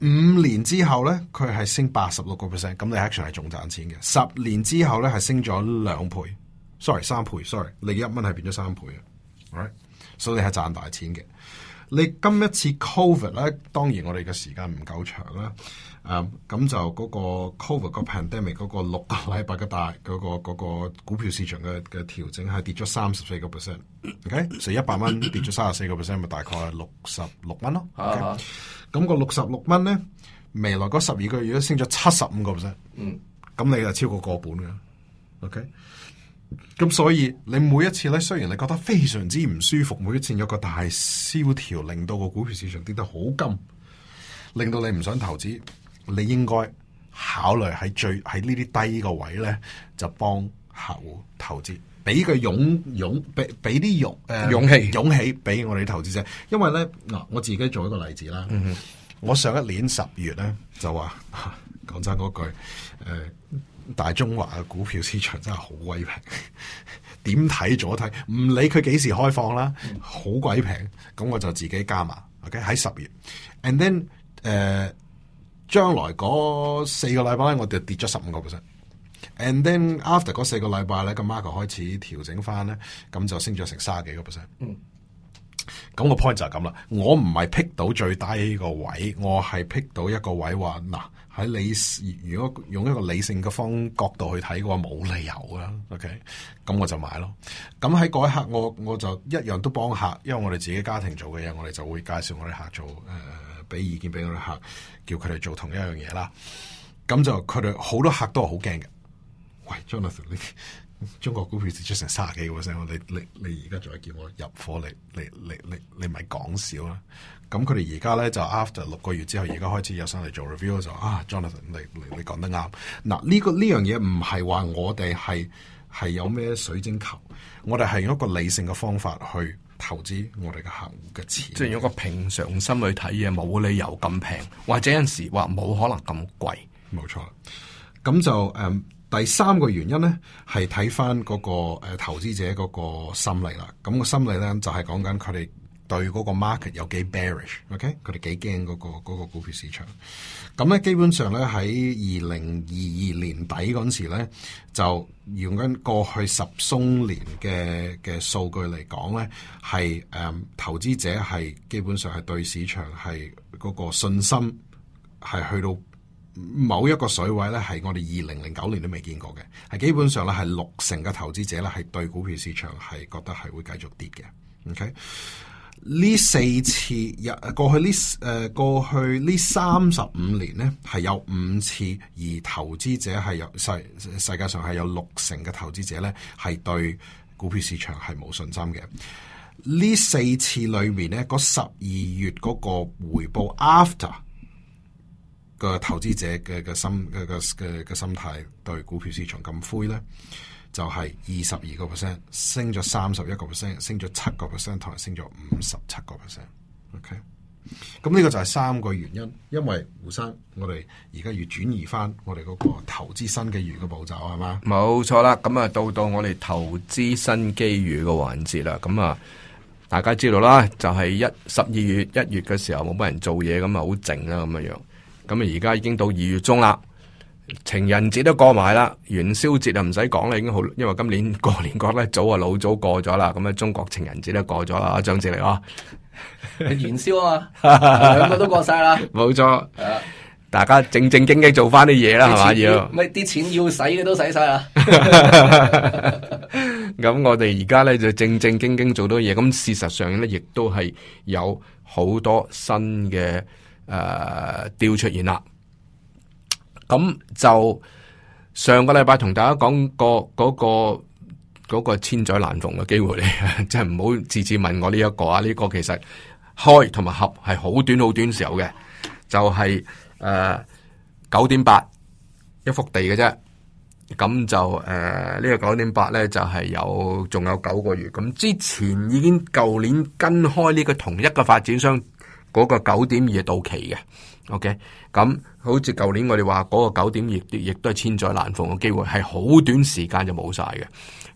Speaker 3: 五年之後咧佢係升八十六個 percent，咁你 action 係仲賺錢嘅。十年之後咧係升咗兩倍，sorry 三倍，sorry，你一蚊係變咗三倍啊！所以、so, 你係賺大錢嘅。你今一次 COVID 咧，當然我哋嘅時間唔夠長啦。誒、嗯，咁就嗰個 COVID pandemic 嗰個六個禮拜嘅大嗰、嗰個、嗰個股票市場嘅嘅調整係跌咗三十四個 percent。O K，所以一百蚊跌咗三十四個 percent，咪大概六十六蚊咯。咁、okay? uh huh. 個六十六蚊咧，未來嗰十二個月都升咗七十五個 percent。嗯、uh，咁、huh. 你就超過個本㗎。O K。咁所以你每一次咧，雖然你覺得非常之唔舒服，每一次有一個大蕭條，令到個股票市場跌得好金，令到你唔想投資，你應該考慮喺最喺呢啲低個位咧，就幫客戶投資，俾個勇勇，俾俾啲勇誒勇氣，勇氣俾我哋啲投資者。因為咧嗱，我自己做一個例子啦，嗯、哼我上一年十月咧就話。講真嗰句，誒、呃，大中華嘅股票市場真係好鬼平。點睇咗睇，唔理佢幾時開放啦，好鬼平。咁、hmm. 我就自己加埋，OK？喺十月，and then 誒、呃，將來嗰四個禮拜咧我哋跌咗十五個 percent，and then after 嗰四個禮拜咧，個 market 開始調整翻咧，咁就升咗成卅幾個 percent。咁個 point 就咁啦，我唔係 pick 到最低個位，我係 pick 到一個位話嗱喺理，如果用一個理性嘅方角度去睇嘅話，冇理由噶，OK，咁我就買咯。咁喺嗰一刻，我我就一樣都幫客，因為我哋自己家庭做嘅嘢，我哋就會介紹我哋客做，誒、呃，俾意見俾我哋客，叫佢哋做同一樣嘢啦。咁就佢哋好多客都係好驚嘅，喂，Jonathan。中國股票跌出成卅幾個 p e r，你你你而家再叫我入貨，你你你你你咪講少啦！咁佢哋而家咧就 after 六個月之後，而家開始有上嚟做 review 就，啊，Jonathan，你你講得啱。嗱呢、這個呢樣嘢，唔係話我哋係係有咩水晶球，我哋係用一個理性嘅方法去投資我哋嘅客戶嘅錢，即係用一個平常心去睇嘢，冇理由咁平，或者有時話冇可能咁貴，冇錯。咁就誒。Um, 第三個原因咧，係睇翻嗰個投資者嗰個心理啦。咁個心理咧，就係講緊佢哋對嗰個 market 有幾 bearish，OK？佢哋幾驚嗰個嗰個股票市場。咁咧，基本上咧喺二零二二年底嗰陣時咧，就用緊過去十數年嘅嘅數據嚟講咧，係誒投資者係基本上係對市場係嗰個信心係去到某一個水位呢，係我哋二零零九年都未見過嘅，係基本上呢，係六成嘅投資者呢，係對股票市場係覺得係會繼續跌嘅。OK，呢四次日過去呢誒、呃、過去呢三十五年呢，係有五次，而投資者係有世世界上係有六成嘅投資者呢，係對股票市場係冇信心嘅。呢四次裏面呢，嗰十二月嗰個回報 after。個投資者嘅嘅心嘅嘅嘅心態對股票市場咁灰咧，就係二十二個 percent 升咗三十一個 percent，升咗七個 percent，同埋升咗五十七個 percent。OK，咁呢個就係三個原因，因為胡生，我哋而家要轉移翻我哋嗰個投資新機遇嘅步驟係嘛？
Speaker 2: 冇錯啦，咁啊到到我哋投資新機遇嘅環節啦，咁啊大家知道啦，就係、是、一十二月一月嘅時候冇乜人做嘢，咁啊好靜啦，咁樣樣。咁啊，而家已經到二月中啦，情人節都過埋啦，元宵節啊唔使講啦，已經好，因為今年過年過得早啊，老早過咗啦。咁啊，中國情人節都過咗啦，張智霖啊，
Speaker 3: 元
Speaker 1: 宵啊，兩 個都過晒啦，冇錯 錯。
Speaker 2: 的大家正正經經做翻啲嘢啦，係嘛要？
Speaker 1: 咪啲吧錢要使嘅都使晒啦。
Speaker 2: 咁 我哋而家咧就正正經經做多嘢。咁事實上咧，亦都係有好多新嘅。誒，調、呃、出現啦，咁就上個禮拜同大家講過嗰、那個、那個那個千載難逢嘅機會嚟，即係唔好次次問我呢一個啊，呢、這個其實開同埋合係好短好短嘅時候嘅，就係誒九點八一幅地嘅啫，咁就誒、呃這個、呢個九點八咧就係、是、有仲有九個月，咁之前已經舊年跟開呢個同一個發展商。嗰個九點二到期嘅，OK，咁好似舊年我哋話嗰個九點二亦都係千載難逢嘅機會，係好短時間就冇晒嘅。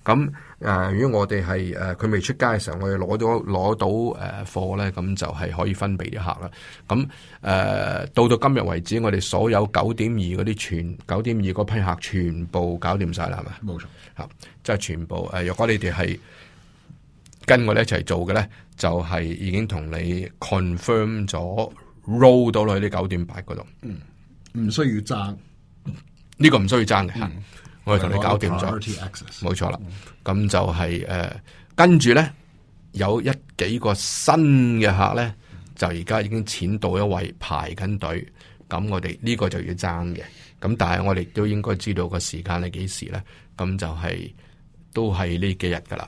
Speaker 2: 咁誒、呃，如果我哋係誒佢未出街嘅時候，我哋攞咗攞到誒貨咧，咁、呃、就係可以分俾啲客啦。咁誒、呃，到到今日為止，我哋所有九點二嗰啲全九點二嗰批客全部搞掂晒啦，係咪？冇錯，嚇，即係全部。誒、呃，若果你哋係。跟我哋一齊做嘅咧，就係、是、已經同你 confirm 咗 roll 到落去啲九點八嗰度，嗯，唔需要爭，呢個唔需要爭嘅，嗯、我哋同你搞掂咗，冇錯啦。咁、嗯、就係、是、誒、呃，跟住咧有一幾個新嘅客咧，就而家已經淺到一位排緊隊，咁我哋呢個就要爭嘅。咁但係我哋都應該知道個時間係幾時咧？咁就係、是、都係呢幾日噶啦。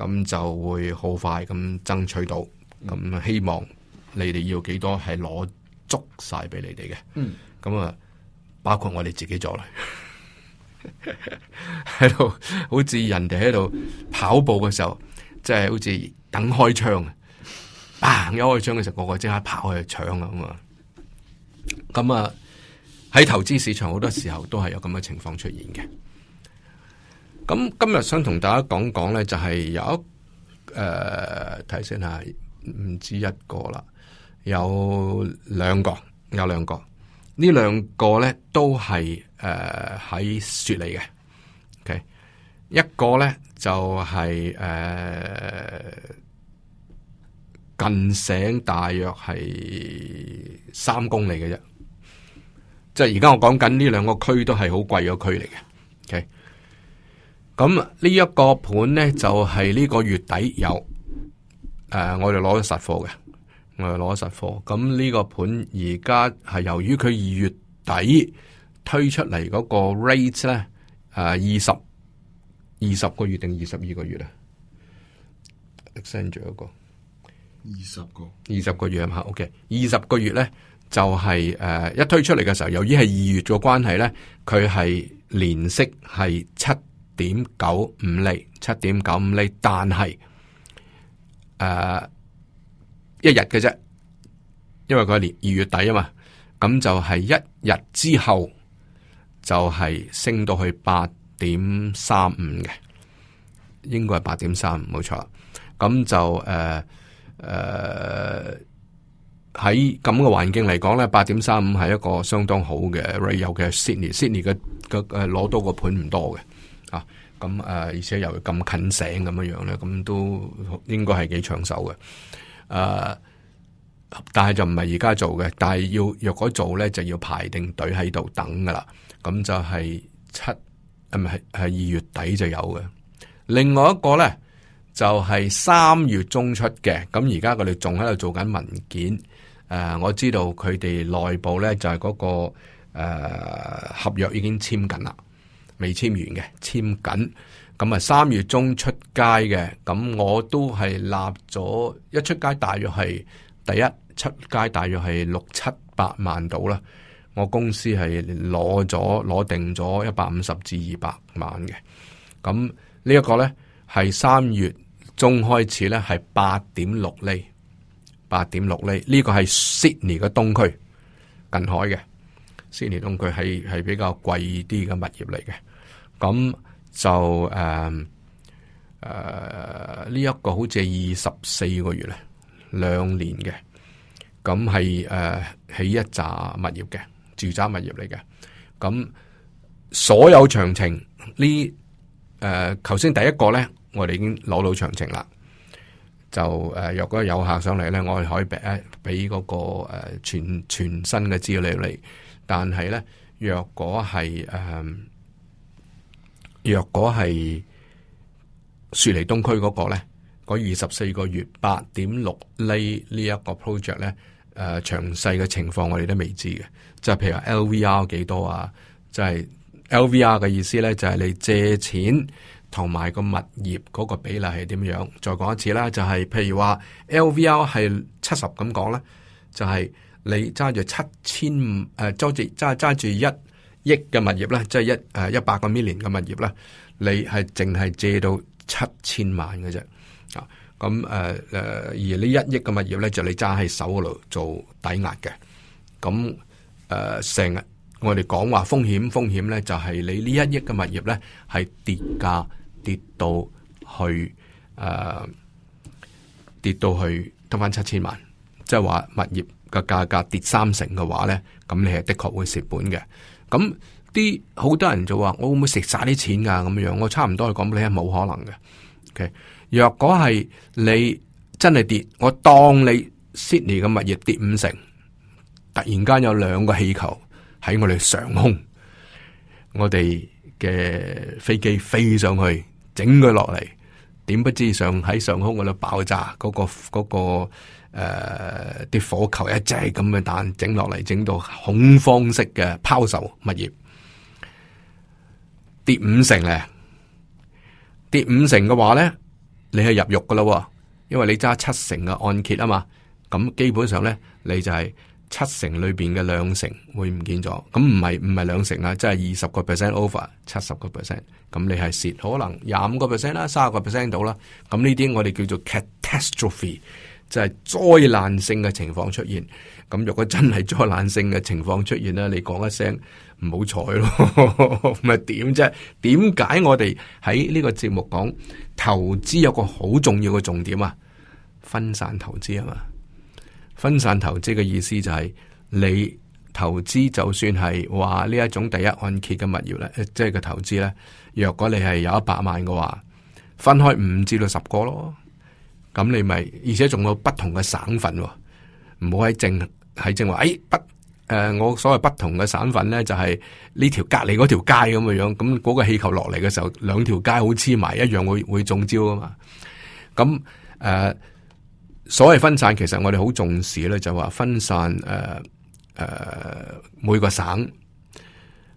Speaker 2: 咁就會好快咁爭取到，咁希望你哋要幾多係攞足晒俾你哋嘅。咁啊、嗯，包括我哋自己做嚟，喺度 好似人哋喺度跑步嘅時候，即係好似等開槍啊！一開槍嘅時候，個個即刻跑去搶啊咁啊！咁啊，喺投資市場好多時候都係有咁嘅情況出現嘅。咁今日想同大家講講咧，就係有誒，提醒下，唔止一個啦，有兩個，有兩個，兩個呢兩個咧都係誒喺雪梨嘅，OK，一個咧就係、是、誒、呃、近醒大約係三公里嘅啫，即係而家我講緊呢兩個區都係好貴個區嚟嘅，OK。咁呢一個盤呢，就係、是、呢個月底有，誒、呃，我哋攞咗實貨嘅，我哋攞咗實貨。咁呢個盤而家係由於佢二月底推出嚟嗰個 rate 咧，誒、呃，二十二十個月定二十二個月啊？Extend 咗一個二十個二十個月係嘛？OK. 二十個月咧就係、是、誒、呃、一推出嚟嘅時候，由於係二月嘅關係咧，佢係年息係七。點九五厘，七點九五厘，但係誒、呃、一日嘅啫，因為佢係年二月底啊嘛，咁就係一日之後就係升到去八點三五嘅，應該係八點三五。冇、呃、錯。咁就誒誒喺咁嘅環境嚟講咧，八點三五係一個相當好嘅，Rio 有嘅 Sydney，Sydney 嘅嘅誒攞到個盤唔多嘅。咁誒、呃，而且又咁近醒咁樣樣咧，咁都應該係幾搶手嘅。誒、呃，但係就唔係而家做嘅，但係要若果做咧，就要排定隊喺度等噶啦。咁就係七，唔係，係二月底就有嘅。另外一個咧就係、是、三月中出嘅。咁而家佢哋仲喺度做緊文件。誒、呃，我知道佢哋內部咧就係、是、嗰、那個誒、呃、合約已經簽緊啦。未簽完嘅簽緊，咁啊三月中出街嘅，咁我都係立咗一出街，大約係第一出街大約係六七百萬度啦。我公司係攞咗攞定咗一百五十至二百萬嘅。咁呢一個咧係三月中開始咧係八點六厘。八點六厘呢、呢個係 Sydney 嘅東區近海嘅 Sydney 東區係係比較貴啲嘅物業嚟嘅。咁就誒誒呢一個好似係二十四個月咧，兩年嘅，咁係誒起一紮物業嘅，住宅物業嚟嘅，咁所有詳情呢誒，頭先、啊、第一個咧，我哋已經攞到詳情啦。就誒、啊，若果有客上嚟咧，我哋可以俾誒俾嗰個誒全全新嘅資料你，但係咧若果係誒。啊若果係雪梨東區嗰個咧，二十四個月八點六厘呢一個 project 咧，誒、呃、詳細嘅情況我哋都未知嘅。就是、譬如話 LVR 幾多啊？就係、是、LVR 嘅意思咧，就係、是、你借錢同埋個物業嗰個比例係點樣？再講一次啦，就係、是、譬如話 LVR 係七十咁講咧，就係、是、你揸住七千五誒，揸住揸揸住一億嘅物業咧，即係一誒一百個 million 嘅物業咧，你係淨係借到七千萬嘅啫。啊，咁誒誒，而呢一億嘅物業咧，就你揸喺手度做抵押嘅。咁誒，成日我哋講話風險風險咧，就係你呢一億嘅物業咧，係跌價跌到去誒跌到去得翻七千萬，即係話物業嘅價格跌三成嘅話咧，咁你係的確會蝕本嘅。咁啲好多人就話我會唔會食晒啲錢噶、啊、咁樣？我差唔多係講俾你聽冇可能嘅。Okay? 若果係你真係跌，我當你 Sydney 嘅物業跌五成，突然間有兩個氣球喺我哋上空，我哋嘅飛機飛上去整佢落嚟，點不知上喺上空嗰度爆炸嗰個、嗰個。嗰個誒、啲、呃、火球一隻咁嘅彈整落嚟，整到恐慌式嘅拋售物業跌五成咧，跌五成嘅話咧，你係入獄噶啦，因為你揸七成嘅按揭啊嘛，咁基本上咧，你就係七成裏邊嘅兩成會唔見咗，咁唔係唔係兩成啦，即係二十個 percent over 七十個 percent，咁你係蝕，可能廿五個 percent 啦，三十個 percent 到啦，咁呢啲我哋叫做 catastrophe。就係災難性嘅情況出現，咁若果真係災難性嘅情況出現咧，你講一聲唔好彩咯，咪點啫？點 解我哋喺呢個節目講投資有個好重要嘅重點啊？分散投資啊嘛，分散投資嘅意思就係、是、你投資就算係話呢一種第一按揭嘅物業咧，即係個投資咧，若果你係有一百萬嘅話，分開五至到十個咯。咁你咪，而且仲有不同嘅省份，唔好喺正喺正話，誒、哎、不，誒、呃、我所謂不同嘅省份咧，就係呢條隔籬嗰條街咁嘅樣，咁嗰個氣球落嚟嘅時候，兩條街好黐埋，一樣會會中招啊嘛。咁誒、呃，所謂分散，其實我哋好重視咧，就話分散誒誒、呃呃、每個省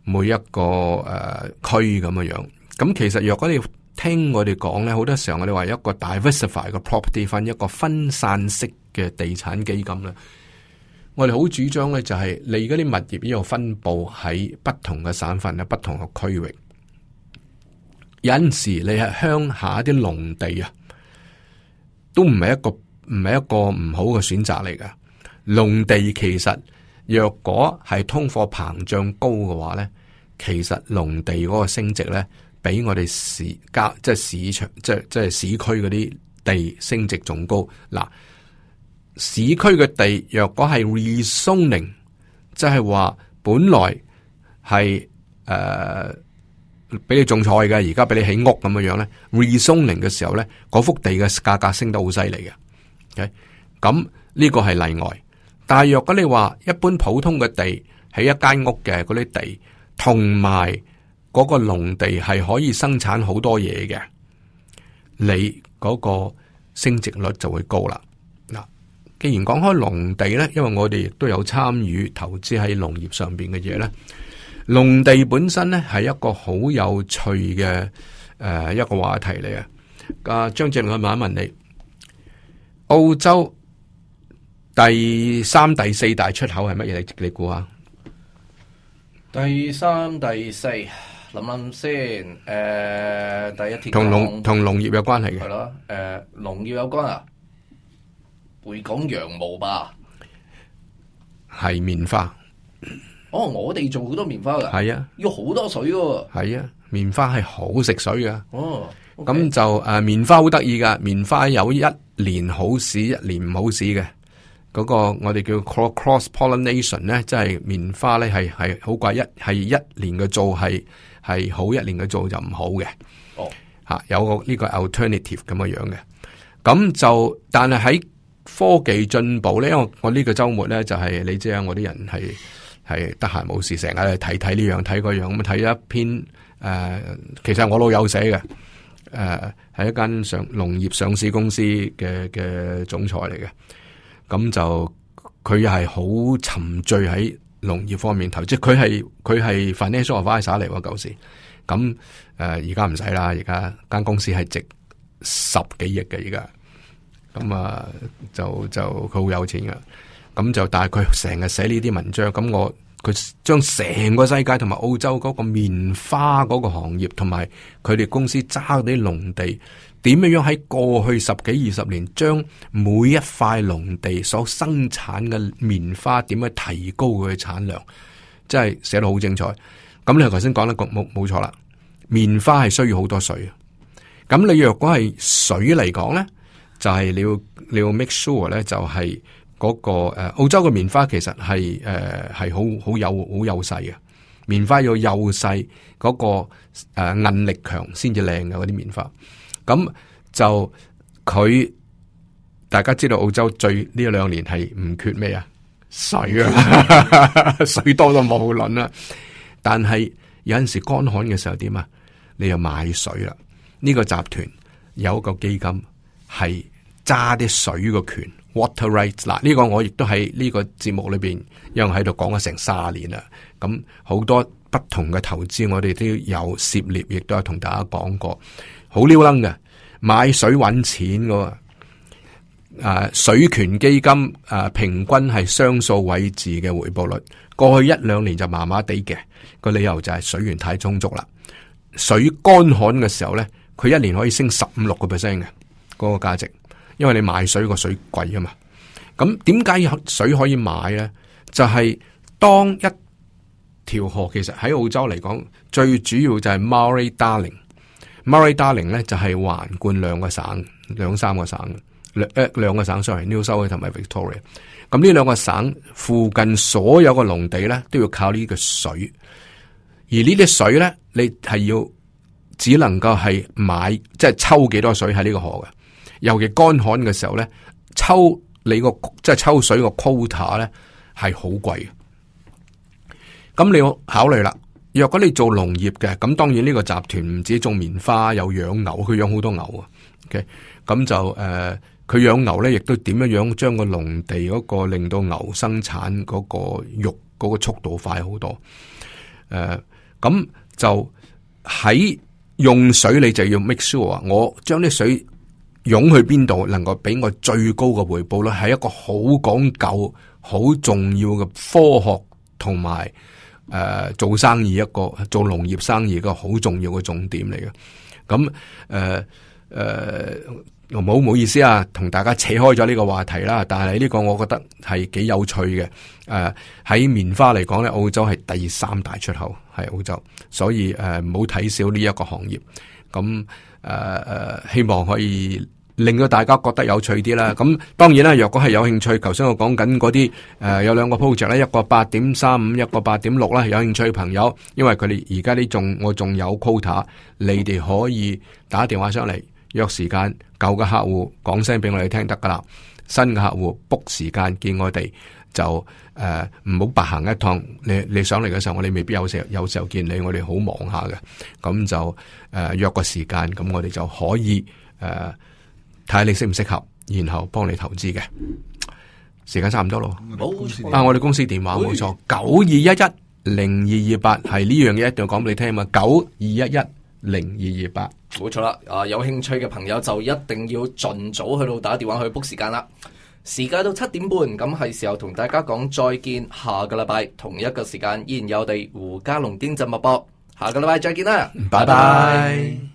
Speaker 2: 每一個誒區咁嘅樣。咁其實若果你，聽我哋講咧，好多時候我哋話一個 diversify 個 property 分一個分散式嘅地產基金啦。我哋好主張咧，就係你嗰啲物業要分布喺不同嘅省份啊，不同嘅區域。有陣時你係鄉下啲農地啊，都唔係一個唔係一個唔好嘅選擇嚟㗎。農地其實若果係通貨膨脹高嘅話咧，其實農地嗰個升值咧。比我哋市郊即係市場即係即係市區嗰啲地升值仲高嗱，市區嘅地若果係 rezoning，即係話本來係誒俾你種菜嘅，而家俾你起屋咁樣樣咧，rezoning 嘅時候咧，嗰幅地嘅價格升得好犀利嘅。Okay? 咁呢個係例外，但係若果你話一般普通嘅地起一間屋嘅嗰啲地，同埋。嗰個農地係可以生產好多嘢嘅，你嗰個升值率就會高啦。嗱，既然講開農地咧，因為我哋亦都有參與投資喺農業上面嘅嘢咧，農地本身咧係一個好有趣嘅誒、呃、一個話題嚟啊，阿張正我問一問你，澳洲第三、第四大出口係乜嘢？你你估下？第三、
Speaker 1: 第四。諗諗先，誒、呃，第一條同農
Speaker 2: 同農業有關係嘅係咯，
Speaker 1: 誒，農、呃、業有關啊，會講羊毛吧，
Speaker 2: 係棉花
Speaker 1: 哦，我哋種好多棉花噶，係啊，要好多水喎。
Speaker 2: 係啊，棉花係好食水噶。哦，咁、okay、就誒、呃，棉花好得意噶，棉花有一年好屎，一年唔好屎嘅。嗰、那個我哋叫 cross pollination 咧，ination, 即係棉花咧係係好貴一係一年嘅做係。係好一年嘅做就唔好嘅，哦、oh. 啊，吓有個呢個 alternative 咁嘅樣嘅，咁就但係喺科技進步咧，因為我，我個呢個周末咧就係、是、你知啊，我啲人係係得閒冇事，成日睇睇呢樣睇嗰樣，咁睇一篇誒、呃，其實我老友寫嘅，誒、呃，係一間上農業上市公司嘅嘅總裁嚟嘅，咁就佢係好沉醉喺。農業方面投資，佢係佢係 financial adviser 嚟喎，舊時咁誒，而家唔使啦，而家間公司係值十幾億嘅，而家咁啊，就就佢好有錢噶，咁就但係佢成日寫呢啲文章，咁我佢將成個世界同埋澳洲嗰個棉花嗰個行業同埋佢哋公司揸嗰啲農地。點樣樣喺過去十幾二十年，將每一塊農地所生產嘅棉花點樣提高佢嘅產量，即係寫得好精彩。咁你頭先講咧，冇冇錯啦。棉花係需要好多水啊。咁你若果係水嚟講咧，就係、是、你要你要 make sure 咧，就係嗰個誒澳洲嘅棉花其實係誒係好好幼好幼細嘅。棉花要幼細嗰、那個誒韌力強先至靚嘅嗰啲棉花。咁就佢大家知道澳洲最呢兩年係唔缺咩啊水啊 水多到冇論啦，但係有陣時乾旱嘅時候點啊？你又買水啦？呢、這個集團有一個基金係揸啲水嘅權 water rights 嗱，呢、這個我亦都喺呢個節目裏邊，因為喺度講咗成卅年啦。咁好多不同嘅投資，我哋都有涉獵，亦都有同大家講過。好撩楞嘅，買水搵錢嘅，誒、啊，水權基金誒、啊，平均係雙數位字嘅回報率，過去一兩年就麻麻地嘅，個理由就係水源太充足啦。水乾旱嘅時候咧，佢一年可以升十五六個 percent 嘅嗰個價值，因為你買水個水貴啊嘛。咁點解水可以買咧？就係、是、當一條河，其實喺澳洲嚟講，最主要就係 Murray Darling。Murray Darling 咧就係橫貫兩個省、兩三個省，兩誒兩個省，Sorry, New South 同埋 Victoria。咁呢兩個省附近所有嘅農地咧，都要靠呢個水。而水呢啲水咧，你係要只能夠係買，即係抽幾多水喺呢個河嘅。尤其乾旱嘅時候咧，抽你個即係抽水個 quota 咧係好貴嘅。咁你要考慮啦。若果你做農業嘅，咁當然呢個集團唔止種棉花，有養牛，佢養好多牛啊。咁、okay？就誒，佢、呃、養牛咧，亦都點樣樣將個農地嗰個令到牛生產嗰個肉嗰個速度快好多。誒、呃，咁就喺用水，你就要 make sure 啊我將啲水湧去邊度，能夠俾我最高嘅回報咧，係一個好講究、好重要嘅科學同埋。誒，做生意一個做農業生意一個好重要嘅重點嚟嘅，咁誒誒，唔好唔好意思啊，同大家扯開咗呢個話題啦，但係呢個我覺得係幾有趣嘅，誒、呃、喺棉花嚟講呢，澳洲係第三大出口，係澳洲，所以誒唔好睇小呢一個行業，咁誒誒，希望可以。令到大家覺得有趣啲啦，咁、嗯、當然啦，若果係有興趣，頭先我講緊嗰啲，誒、呃，有兩個 project 咧，一個八點三五，一個八點六啦，有興趣嘅朋友，因為佢哋而家呢仲我仲有 quota，你哋可以打電話上嚟約時間，舊嘅客戶講聲俾我哋聽得噶啦，新嘅客戶 book 時間見我哋就誒唔好白行一趟，你你上嚟嘅時候，我哋未必有時有時候見你，我哋好忙下嘅，咁就誒、呃、約個時間，咁我哋就可以誒。呃呃睇下你適唔適合，然後幫你投資嘅。時間差唔多咯，錯啊，我哋公司電話冇錯，九二一一零二二八係呢樣嘢一定要講俾你聽啊嘛，九二一一零二二八，
Speaker 1: 冇錯啦。啊，有興趣嘅朋友就一定要盡早去到打電話去 book 時間啦。時間到七點半，咁係時候同大家講再見，下個禮拜同一個時間依然有我哋胡嘉龍經濟脈搏，下個禮拜再見啦，拜拜。拜拜。